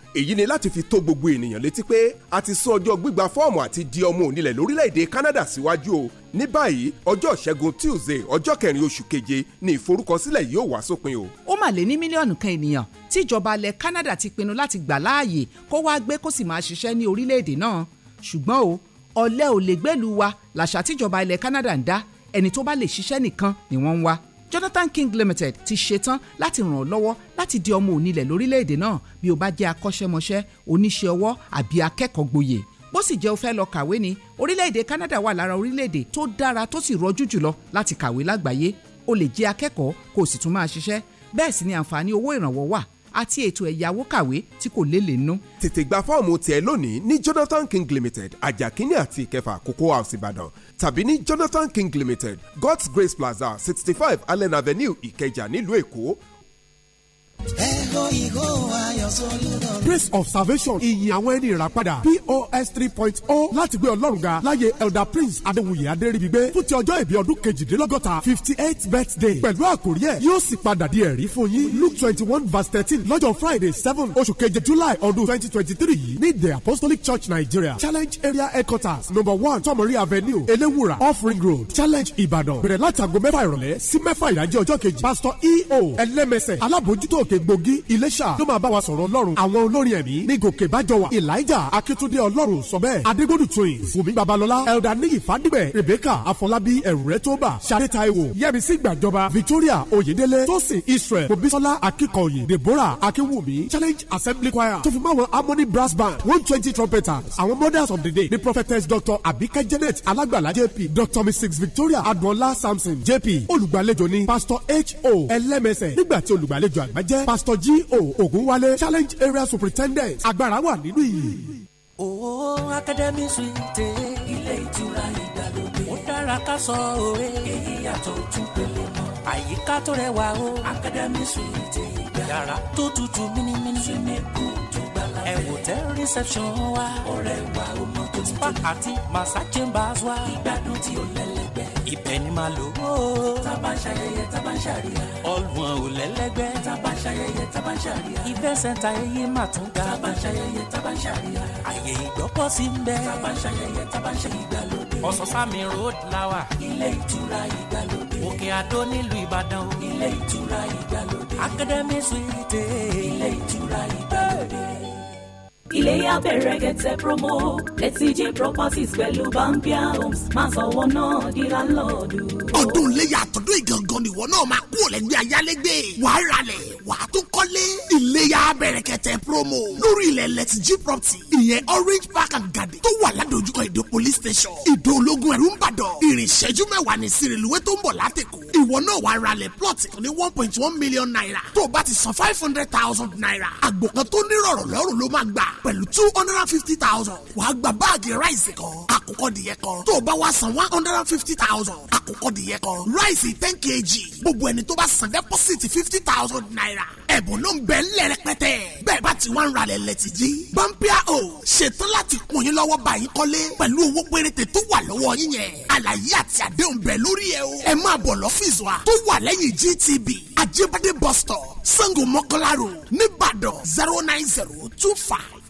èyí ni láti fi tó gbogbo ènìyàn létí pé a ti sún ọjọ́ gbígba fọ́ọ̀mù àti di ọmọ onílẹ̀ lórílẹ̀‐èdè Canada síwájú o ní báyìí ọjọ́ ìṣẹ́gun Tuesday ọjọ́ kẹrin oṣù keje ni ìforúkọsílẹ̀ yóò wá sópin o. ó mà lé ní mílíọ̀nù kan ènìyàn tí ìjọba ilẹ̀ Canada ti pinnu láti gbà láàyè kó wá gbé kó sì máa ṣiṣẹ́ ní orílẹ̀-èdè náà ṣùgbọ́n o ọ̀lẹ́ ò lè gbẹ́lu wa làṣà tíjọba ilẹ̀ Canada ń dá ẹni tó bá lè ṣiṣẹ́ nìkan ni wọ́n ń wá Jonathan King Limited ti ṣetán láti ràn ọ́ lọ́wọ́ láti di ọmọ onílẹ̀ lórílẹ̀ náà bí o bá jẹ́ akọ́ṣẹ́mọṣẹ́ oníṣẹ́ ọwọ́ àbí akẹ́kọ̀ọ́ gboyè bó sì jẹ́ o fẹ́ lọ kàwé ni orílẹ̀‐èdè Canada wà lára orílẹ̀‐èdè tó dára tó sì rọjú jùlọ láti kàwé lágbàáyé o lè jẹ́ akẹ́kọ̀ọ́ kó o sì tún máa ṣiṣẹ́ bẹ́ẹ̀ sì ni àǹfààní owó ìrànwọ́ wà àti ètò ẹ̀yáwó kàwé tí kò lélẹ̀ nú. tètè gba fọ́ọ̀mù tiẹ̀ lónìí ní Jonathan King Limited ajakini àti ìkẹfà Cocoa House Ìbàdàn tàbí ní Jonathan King Limited God's Grace Plaza sixty five Allen Avenue Ìkẹjà nílùú Èkó Grace of Salvation ìyìn àwọn ẹni ìràpadà POS three point o oh, láti gbé Ọlọ́run ga láyé Elder Prince Adéwuyè Adéríbigbé fún ti ọjọ́ ìbí ọdún kejìdínlọ́gọ́ta fifty eight birthday pẹ̀lú àkórí ẹ̀ yóò sì padà di ẹ̀rí fún yín Luke twenty one verse thirteen lọ́jọ́ Friday seven oṣù keje July ọdún twenty twenty three yìí ní The Apostolic Church Nigeria Challenge Area Headquarters number one Tomori Avenue Elewura Offering Road Challenge Ìbàdàn bẹ̀rẹ̀ láti aago mẹ́fà ìrọ̀lẹ́ sí mẹ́fà ìdájẹ́ ọjọ́ kejì Pastor E.O. ẹlẹ́mẹsẹ̀ alábòjútó òkègbògi iléṣà ló máa bá wa sọ̀rọ̀ ọlọ́run àwọn olórin ẹ̀mí ní gòkè bájọ wà elijah akitunde ọlọ́run sọ bẹ́ẹ̀ adégúndù twins wùmí babalọ́lá elda níyì fádìbẹ̀ rebecca afọlábí ẹ̀rùrẹ́ tó bà sade taiwo yẹ́misí gbàjọba victoria Oyedele, tosin israel Obisola, akikọ̀yìn deborah akiwumi challenge assembly choir tó fi harmony brass band one twenty trumpeters àwọn mothers of the day The prophetess Doctor abike janet alágbàlá jp dr mrs victoria adunola samson jp olùgbàlejò ni pastor h o ẹlẹ́mẹsẹ̀ nígbà tí olùgbàlejò àgbà jẹ́ pastor g o ògúnwálé challenge area superintendent agbára wà nínú yìí. òwò academy suite ilé ìtura ìgbàlódé ó dára ká sọ òwe èyí yàtọ̀ ojú pele mọ́ àyíká tó rẹwà o academy suite ìgbà yàrá tó tutù mímímí. swimming pool ẹ wò tẹ reception wa ọ̀rẹ́ wa o mọ tó ti spa àti massage chambers wa ìgbádùn tí ó lẹ́lẹ́ ibẹ̀ ni màá lò ó. tábà ń ṣayẹyẹ tábà ń ṣàríyá. ọlùwọ̀n ò lẹ́lẹ́gbẹ́. tábà ń ṣayẹyẹ tábà ń ṣàríyá. ìfẹ́ sẹ́ńtà ẹyẹ mà tún ga. tábà ń ṣayẹyẹ tábà ń ṣàríyá. àyè ìgbọ́kọ̀ sí ń bẹ. tábà ń ṣayẹyẹ tábà ń ṣe ìgbàlódé. ọ̀sánsámi road lawa. ilé ìtura ìgbàlódé. òkè àdó nílùú ìbàdàn. ilé ìtura ìgbàlódé. academy suite. ilé ìtura ìgbàlódé ilé yá bẹ̀rẹ̀ gẹ̀tẹ̀ promo lẹ́tíjì properties pẹ̀lú bambia homes máa sanwó náà di láńlọ́ọ̀dù. ọdún iléyá àtọ́dún ìgangan nìwọ náà máa kú ọ̀lẹ́gbẹ́ ayálégbé wàá ralẹ̀ wàá tún kọ́lé iléyá bẹ̀rẹ̀ gẹ̀tẹ̀ promo lórí ilẹ̀ lẹ́tíjì property ìyẹn orange park and garden tó wà ládojúkọ ìdó police station ìdó ológun ẹ̀rú ń bàdàn ìrìnsẹ́jú mẹ́wàá ní sírìlúwé tó ń bọ̀ látẹ̀kọ́ ìwọ náà wàá ralẹ̀ plot ní one point one million naira tó o bá ti san five hundred thousand naira àgbò kan tó nírọ̀rọ̀ lọ́rùn ló máa gbà pẹ̀lú two hundred and fifty thousand wàá gba báàgì ráìsì kan àkùkọ dìyẹ kan tó o bá wá san one hundred and fifty thousand àkùkọ dìyẹ kan ráìsì ten kg gbogbo ẹni tó bá san deposit fifty thousand naira ẹ̀bùn ló ń bẹ ńlẹ̀ bẹ́ẹ̀ bá ti wá ń ralẹ̀ lẹ́tì jí. bámpíà o ṣetán láti kún yín lọ́wọ́ báyìí kọ́lé pẹ̀lú owó péréte tó wà lọ́wọ́ yín yẹn àlàyé àti àdéhùn bẹ̀ lórí ẹ o. ẹ máa bọ̀ lọ́fíìsì tó wà lẹ́yìn GTB Ajébádé bus Sango Mọ́kọ́lá road nìbàdàn zero nine zero two five.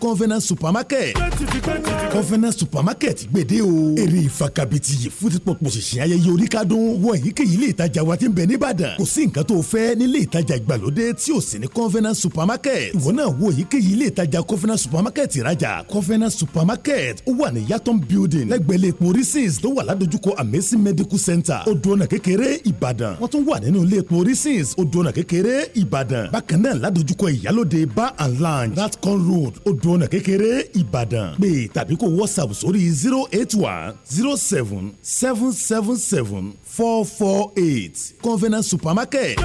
convenience supermarket convenience supermarket gbèdé o èrè ìfakabiti yìí fún títpọ̀ pòṣìṣì ayẹyẹ oríkádùn wọ èyíkéyìí ilé ìtajà wa tí ń bẹ nìbàdàn kò sí nǹkan tó o fẹ́ nílé ìtajà ìgbàlódé tí ò sí ní convenience supermarket ìwọ náà wọ èyíkéyìí ilé ìtajà convenience supermarket ìrajà convenience supermarket ó wà ní yàtọ̀ building lẹ́gbẹ̀ẹ́ lẹ́pọ̀ reasons tó wà ládojúkọ amesi medical center odò ọ̀nà kékeré ìbàdàn wọ́n tún wà nínú lẹ́pọ̀ reasons odò ọ̀nà kékeré ìbàdàn bákan náà ládojúkọ ìyálòde bar and lounge ratcon road ètò ọ̀nà kékeré ìbàdàn pé tàbí kó whatsapp sórí zero eight one zero seven seven seven seven four four eight convenience supermarket.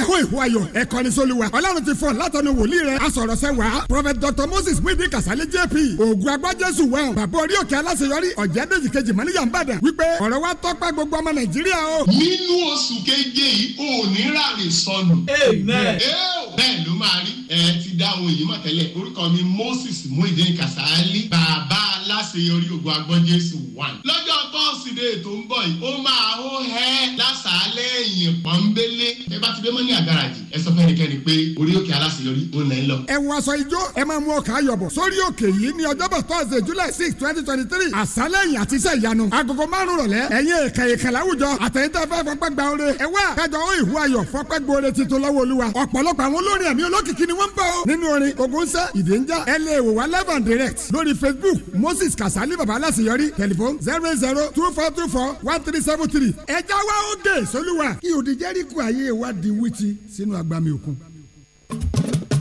ẹ̀hó ìhó ayọ̀ ẹ̀kọ́ni sóluwa ọlọ́run ti fún ọ látọnu wòlíì rẹ̀ asọ̀rọ̀sẹ̀ wá prophet dr moses mwidi kasale jp ògùn agbájésù wẹ̀ bàbá orí òkè aláṣeyọrí ọ̀jẹ̀dẹ̀jì kejì mọ́níyà ń bàdàn wípé ọ̀rọ̀ wa tọ́pẹ́ gbogbo ọmọ nàìjíríà o. nínú oṣù keje yìí ò ní rárẹ̀ sọnù. amen. bẹ́ẹ̀ ló máa rí ẹ ti dá ohun èyí mọ̀ orúkọ mi moses mwidi kasale bàbá aláṣeyọrí ògùn agbájésù one. lọ́jọ́ tọ́sídẹ̀ẹ́ tó ń bọ̀ yìí ó máa hó hẹ́ lásàálẹ̀ ẹ̀yìn pọ́ńbélé ẹ bá ti dé mọ́ ní àgàràjì ẹ sọ fẹ́nikẹ́ni pé orí òkè aláṣeyọrí ó nà ń lọ. ẹ wọ aṣọ ijó ẹ máa mú ọkà ayọ̀bọ̀ sórí òkè yìí ní ọjọ́bọ̀ thursday july six twenty twenty three àṣálẹ̀yìn àti iṣẹ́ ìyanu agogo márùn rọ̀lẹ́ ẹ̀yin èka èka láwùjọ àtẹ̀yìntà fẹ́ fọpẹ́ gba oore ẹ wá kájọ ó ìhú ayọ̀ fọpẹ́ gbóore ti tó lọ́wọ́ olúwa ọ̀pọ̀lọpọ̀ àwọn olórin ẹ̀mí olókìkí ni wọ́n ń bọ̀ o nínú orin ogunṣẹ́ ìdíjà ẹ lè wò wá live and direct lórí facebook moses kasali baba aláṣeyọrí tẹlifon zero zero two four two four one three seven three ẹ̀já wa ó dé sólúwa kí òdìjẹ́ríkù ayé wa di wit rántí sínú agbami òkun.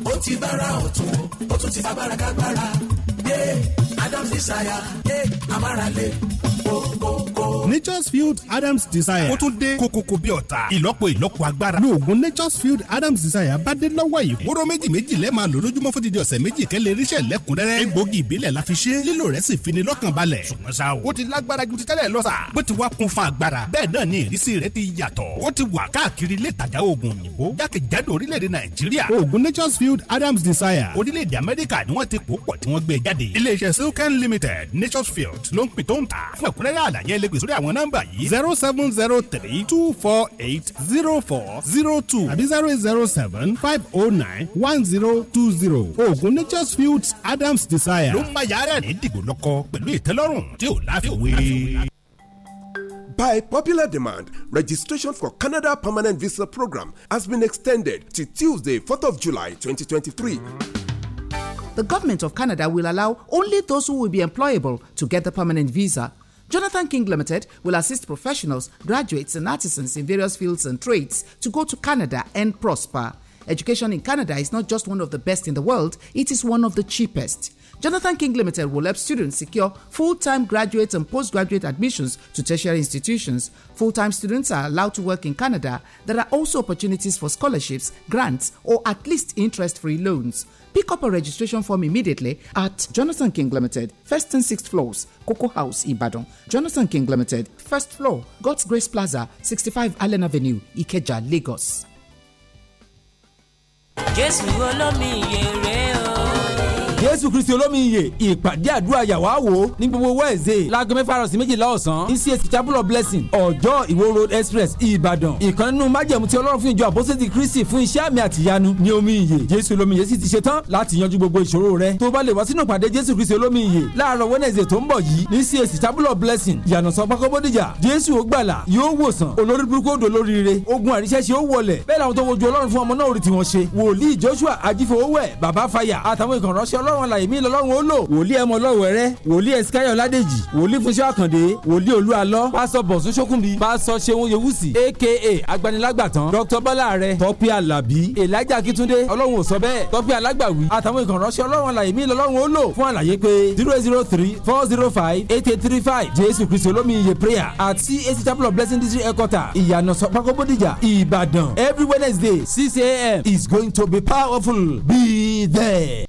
ó ti bára ọ̀tún ó tún ti fagbára kágbára yé adams desire yé amárale kókókó o. nature's field adams desire. ó tún dé kókókó bí ọ̀tá ìlọ́po ìlọ́po agbára. lóògùn nature's field adams desire bá dé lọ́wọ́ yìí. wóró méjì méjì lẹ́ẹ̀ máa lò lójúmọ́ fún dídí ọ̀sẹ̀ méjì kẹ́lẹ́ irísẹ́ lẹ́kùnrẹ́rẹ́. egbògi ìbílẹ̀ la fi ṣe lílò rẹ̀ sì fi ni lọ́kàn balẹ̀. ṣùgbọ́n ṣá o ó ti lágbára ju ti tẹ́lẹ̀ lọ sà. bó ti wá kún fún agbára bẹ́ẹ̀ náà ni adams desire. orílẹ̀-èdè amẹ́ríkà ni wọ́n ti pò pọ̀ tí wọ́n gbé e limited nature's field ló ń pin tó ń ta. fún ẹ̀kúnrẹ́rẹ́ sórí àwọn nọ́mbà yìí zero seven zero three two four eight zero four zero two àbí zero eight zero seven five oh nine one zero two zero oògùn nature's fields adams desire. ló ń yàrá ní dìgbò lọ́kọ́ pẹ̀lú ìtẹ́lọ́rùn tí ò láfiwé. By popular demand, registration for Canada Permanent Visa Program has been extended to Tuesday, 4th of July 2023 the government of Canada will allow only those who will be employable to get the permanent visa Jonathan King Limited will assist professionals, graduates, and artisans in various fields and trades to go to Canada and prosper. Education in Canada is not just one of the best in the world, it is one of the cheapest. Jonathan King Limited will help students secure full time graduate and postgraduate admissions to tertiary institutions. Full time students are allowed to work in Canada. There are also opportunities for scholarships, grants, or at least interest free loans. Pick up a registration form immediately at Jonathan King Limited, first and sixth floors, Coco House, Ibadan. Jonathan King Limited, first floor, God's Grace Plaza, 65 Allen Avenue, Ikeja, Lagos. Jésù olómi jésù kristi olómi iyè ìpàdé àdúrà yàwá wò ní gbogbo wẹ́ẹ̀sì láago mẹ́fà rọ̀sí méjìlá ọ̀sán ní csc chapel of blessing ọjọ́ ìwó road express ìbàdàn ìkan nínú májẹ̀mú tí ọlọ́run fún ìjọ àpọ́sẹ̀tì kristi fún iṣẹ́ àmì àtìyanu ní omi iyè jésù olómi iyè sì ti ṣe tán láti yanjú gbogbo ìṣòro rẹ tó bá lè wá sínú ìpàdé jésù kristi olómi iyè láàárọ̀ wednesday tó ń bọ̀ yìí ní csc chapel of blessing ìyànà sọ pákó bódìjà jésù ó gbàlà yóò wòsàn olórí burúkú odò lóríire ogun àríṣẹ́ṣe ó wọlẹ̀ bẹ́ẹ̀ làwọn tó wojú ọlọ́run fún ọmọ náà orí tiwọn ṣe wòlíì joshua ajífowówẹ̀ bàbá fàyà àtàwọn ìkànnì ránṣẹ́ ọl ọlọ́run alàyè mi lọ́lọ́run ó lò wòlíì ẹmọ ọlọ́wẹ̀ rẹ wòlíì ẹsikẹ́yọ̀ ládèjì wòlíì fúnṣẹ́ àkàndé wòlíì olúalọ́ pásọ bọ̀sùn ṣókùnbí pásọ ṣeun yewusi aka agbanilágbàtàn dr bọ́lá rẹ tọ́pẹ́ alábí elijah akitunde ọlọ́run ò sọ bẹ́ẹ̀ tọ́pẹ́ alágbàwí àtàwọn ìkànnì ọlọ́run alàyè mi lọ́lọ́run ó lò fún àlàyé pé zero zero three four zero five eight eight three five jésù kristu olómiye prayer at cac chapel of blessing district headquarters ìyànà sọpákó bódìjà ìbàdàn every wednesday six a.m. is going to be powerful be there.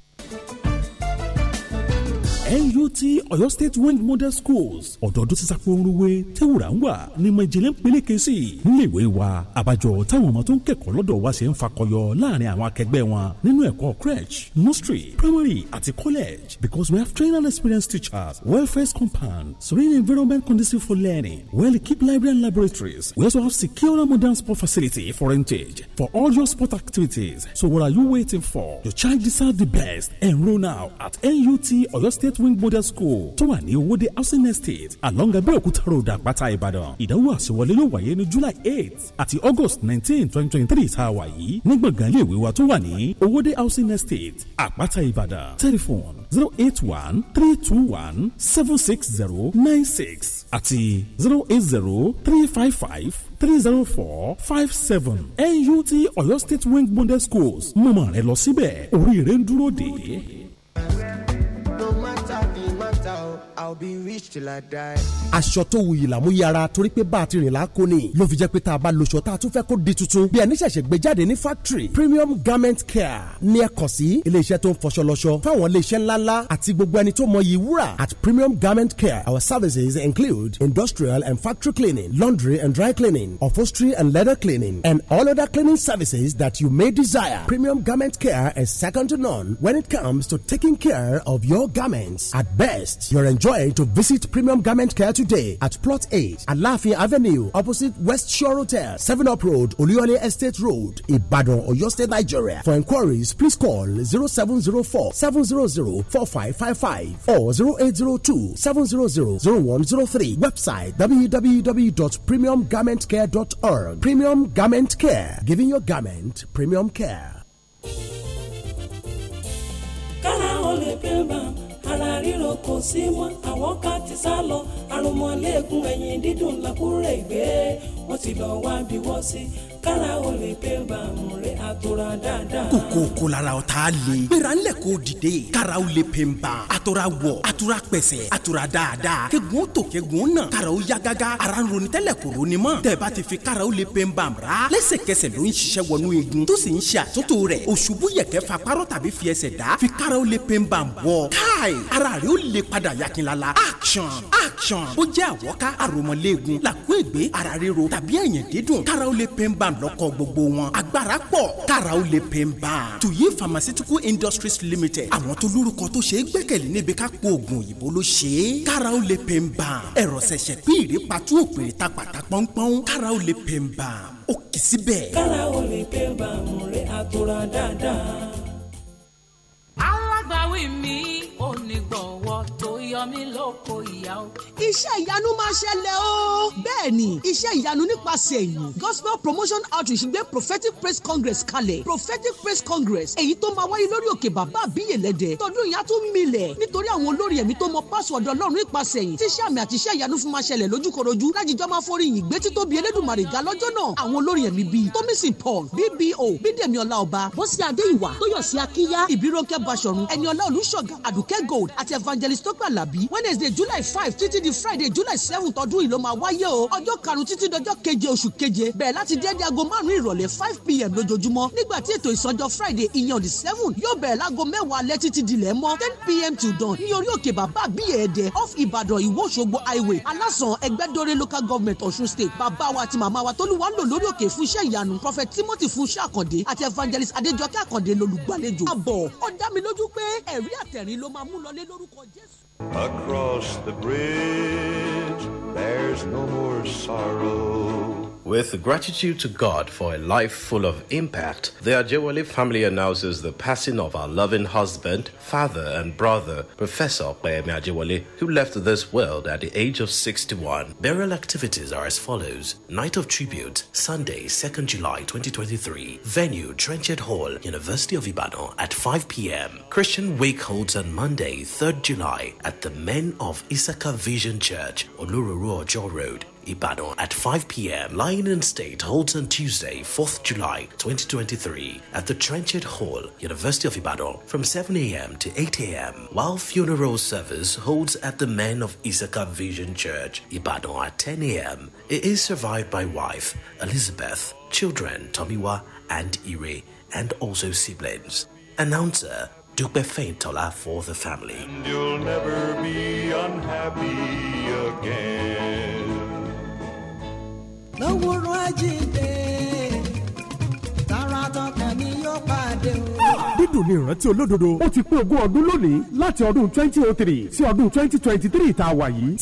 NUT Ọ̀yọ́ State Winged Model Schools ọ̀dọ́dún ti sápò orúwe tẹ́wùrà ń wà ní ìmọ̀ ìjìnlẹ̀ ń peléke sí i nílé ìwé wa àbájọ táwọn ọmọ tó ń kẹ́kọ̀ọ́ lọ́dọ̀ wa ṣe ń fakọyọ láàrin àwọn akẹgbẹ́ wọn nínú ẹ̀kọ́ crèche nursery primary àti college because we have trained and experienced teachers well-faced compound serene environment conducive for learning well-equipped library and laboratories we also have secure and modern sport facility for rentage for all your sport activities so what are you waiting for your child deserves the best enroll now at NUT Ọ̀yọ́ State wing model school tó wà ní owóde housing estate along abeokuta road àpáta ìbàdàn ìdánwò àṣewọlé yóò wáyé ní july 8 àti august 19, 2023, twenty three tá a wà yìí ní gbọ̀ngàn iléèwé wa tó wà ní owóde housing estate àpáta ìbàdàn telephone zero eight one àti zero eight zero three five NUT Oyo State Wing Bonded Schools mọ̀mọ́ rẹ lọ síbẹ̀ oríire ń dúró dè é. I'll be rich till I die. aṣọ tó wuyì làmúyára torí pé bá a ti rìn láko ni ló fi jẹ́ pé tá a bá lòṣọ tá a tún fẹ́ kó di tuntun bí ẹni ṣẹ̀ṣẹ̀ gbé jáde ní factory premium garment care ní ẹ kàn sí iléeṣẹ́ tó ń fọṣọ lọ́ṣọ fáwọn iléeṣẹ́ ńláńlá àti gbogbo ẹni tó mọyì wúrà at premium garment care our services include industrial and factory cleaning laundry and dry cleaning upholstery and leather cleaning and all other cleaning services that you may desire premium garment care is second to none when it comes to taking care of your garments at best you're enjoying enjoy to visit Premium Garment Care today at Plot 8, Alafia Avenue, opposite West Shore Hotel, 7 Up Road, Oluyole Estate Road, Ibadan, Oyo State, Nigeria. For inquiries, please call 0704 700 4555 or 0802 700 0103. Website www.premiumgarmentcare.org. Premium Garment Care, giving your garment premium care. ríro kò sí mọ́ àwọn ká ti sá lọ àrùn mọ́lẹ́gùn ẹ̀yìn dídùn làkúrẹ́ ìgbé wọ́n ti lọ́ọ́ wá bí wọ́n sí kára o lè pé bàmù rẹ̀ àtòrà dáadáa. kòkó kò lára ọ̀tá le gbéra ńlẹ̀ kò dìde kára o lè pè ń bá àtòrà wọ̀ àtòrà pẹ̀sẹ̀ àtòrà dáadáa kẹ́gun tó kẹ́gun náà kára o yá gágá ara ń ronú tẹ́lẹ̀ kò ronú mọ́ tẹ̀bá ti fi kára o lè pè ń bá ra lẹ́sẹ̀kẹsẹ̀ ló ń ṣiṣẹ́ wọnú igun tó sì ń ṣe àtúntò rẹ̀ òṣùbù yẹ̀kẹ́ fa párọ̀ tàbí fi ẹsẹ̀ fi kára o lè pè ń bá wọ̀ káì ara rẹ̀ ó lè padà yakinlala action action ó jẹ́ àwọ́ká àròmọ̀lẹ́gun làkúègbé ara ríro tàbí ẹ̀yìn dídùn kára o lè pè ń lọ́kọ̀ gbogbo wọn agbára pọ̀ kára ó lè pè ń bá a. tuyi pharmaceutical industries limited àwọn tó lórúkọ tó ṣe é gbẹ́kẹ̀lé níbi ká po oògùn òyìnbó ló ṣe é kára ó lè pè ń bá a. ẹ̀rọ ṣẹ̀ṣẹ̀ pín ìrèpàtú òpèrè ta pàtà pọ́npọ́n kára ó lè pè ń bá a. ó kì í síbẹ̀. kára ó lè pè ń bá a mú rẹ̀ àtúrà dáadáa. alágbàwí mi ò ní gbọ̀wọ́ t yọ mí lóko ìyá o. iṣẹ́ ìyanu máa ṣẹlẹ̀ o. bẹ́ẹ̀ ni iṣẹ́ ìyanu nípasẹ̀ èyí gospel promotion outreach gbé prophetic praise congress kalẹ̀ prophetic praise congress èyí tó máa wáyé lórí òkè bàbá àbíyèlẹ́dẹ̀ tọdún ìyá tún milẹ̀ nítorí àwọn olórí ẹ̀mí tó mọ pásíwọ̀dù ọlọ́run nípasẹ̀ yìí tíṣẹ́ àmì àti iṣẹ́ ìyanu fún máa ṣẹlẹ̀ lójúkorojú lájíjọ́ máa forí yìí gbé títóbi elédùnmarè ga lọ́jọ́ náà àwọn olórí ẹ̀mí bíi tómísìn paul bbo bídèmí ọláọba bọ́sí adéìwà tóyọ̀sí gold àti evangelist tógbàlà alábí wednesday july five títí di friday july seven tọdún yìí ló máa wáyé o ọjọ́ karùn-ún títí dọjọ́ keje oṣù keje bẹ̀rẹ̀ láti déédéé aago márùn-ún ìrọ̀lẹ́ five pm lójoojúmọ́ nígbà tí ètò ìsọjọ́ friday ìyẹn on the seven yóò bẹ̀rẹ̀ láago mẹ́wàá alẹ́ títí dilẹ̀ mọ́ ten pm to dawn ní orí òkè bàbá àbíyẹ ẹ̀dẹ̀ off ìbàdàn ìwó òṣogbo highway alásàn ẹgbẹ́dọ́rẹ́ local government ọ̀ṣun state bàbá wa àti màmá wa tólúwa ń lò lórí òkè fún iṣẹ́ ìyanu prophet timothy fúnṣẹ́ àkàndé àti evangelist adéjọkẹ́ àkàndé lolùgbàlejò àbọ̀ ó dá mi lójú pé ẹ̀rí àtẹ̀rín ló máa mú lọlé lórúkọ jésù. Across the bridge, there's no more sorrow. With gratitude to God for a life full of impact, the Ajewale family announces the passing of our loving husband, father, and brother, Professor Kwame Ajewale, who left this world at the age of 61. Burial activities are as follows Night of Tribute, Sunday, 2nd July 2023. Venue, Trenchard Hall, University of Ibadan at 5 p.m. Christian Wake holds on Monday, 3rd July at the Men of Issachar Vision Church, Olururu Ojo Road. Ibadan at 5 p.m. Lion and State holds on Tuesday, 4th July 2023 at the Trenchard Hall, University of Ibadan from 7 a.m. to 8 a.m. While funeral service holds at the Men of Issachar Vision Church, Ibadan at 10 a.m. It is survived by wife, Elizabeth, children, Tomiwa and Ire, and also siblings. Announcer, Dupe Feintola for the family. And you'll never be unhappy again. lówùrọ̀ àjíǹde tara tọkàn ni yóò pàdé o. dídùn ní ìrántí olódodo ó ti pé ogún ọdún lónìí láti ọdún twenty oh three sí ọdún twenty twenty three tá a wà yìí tí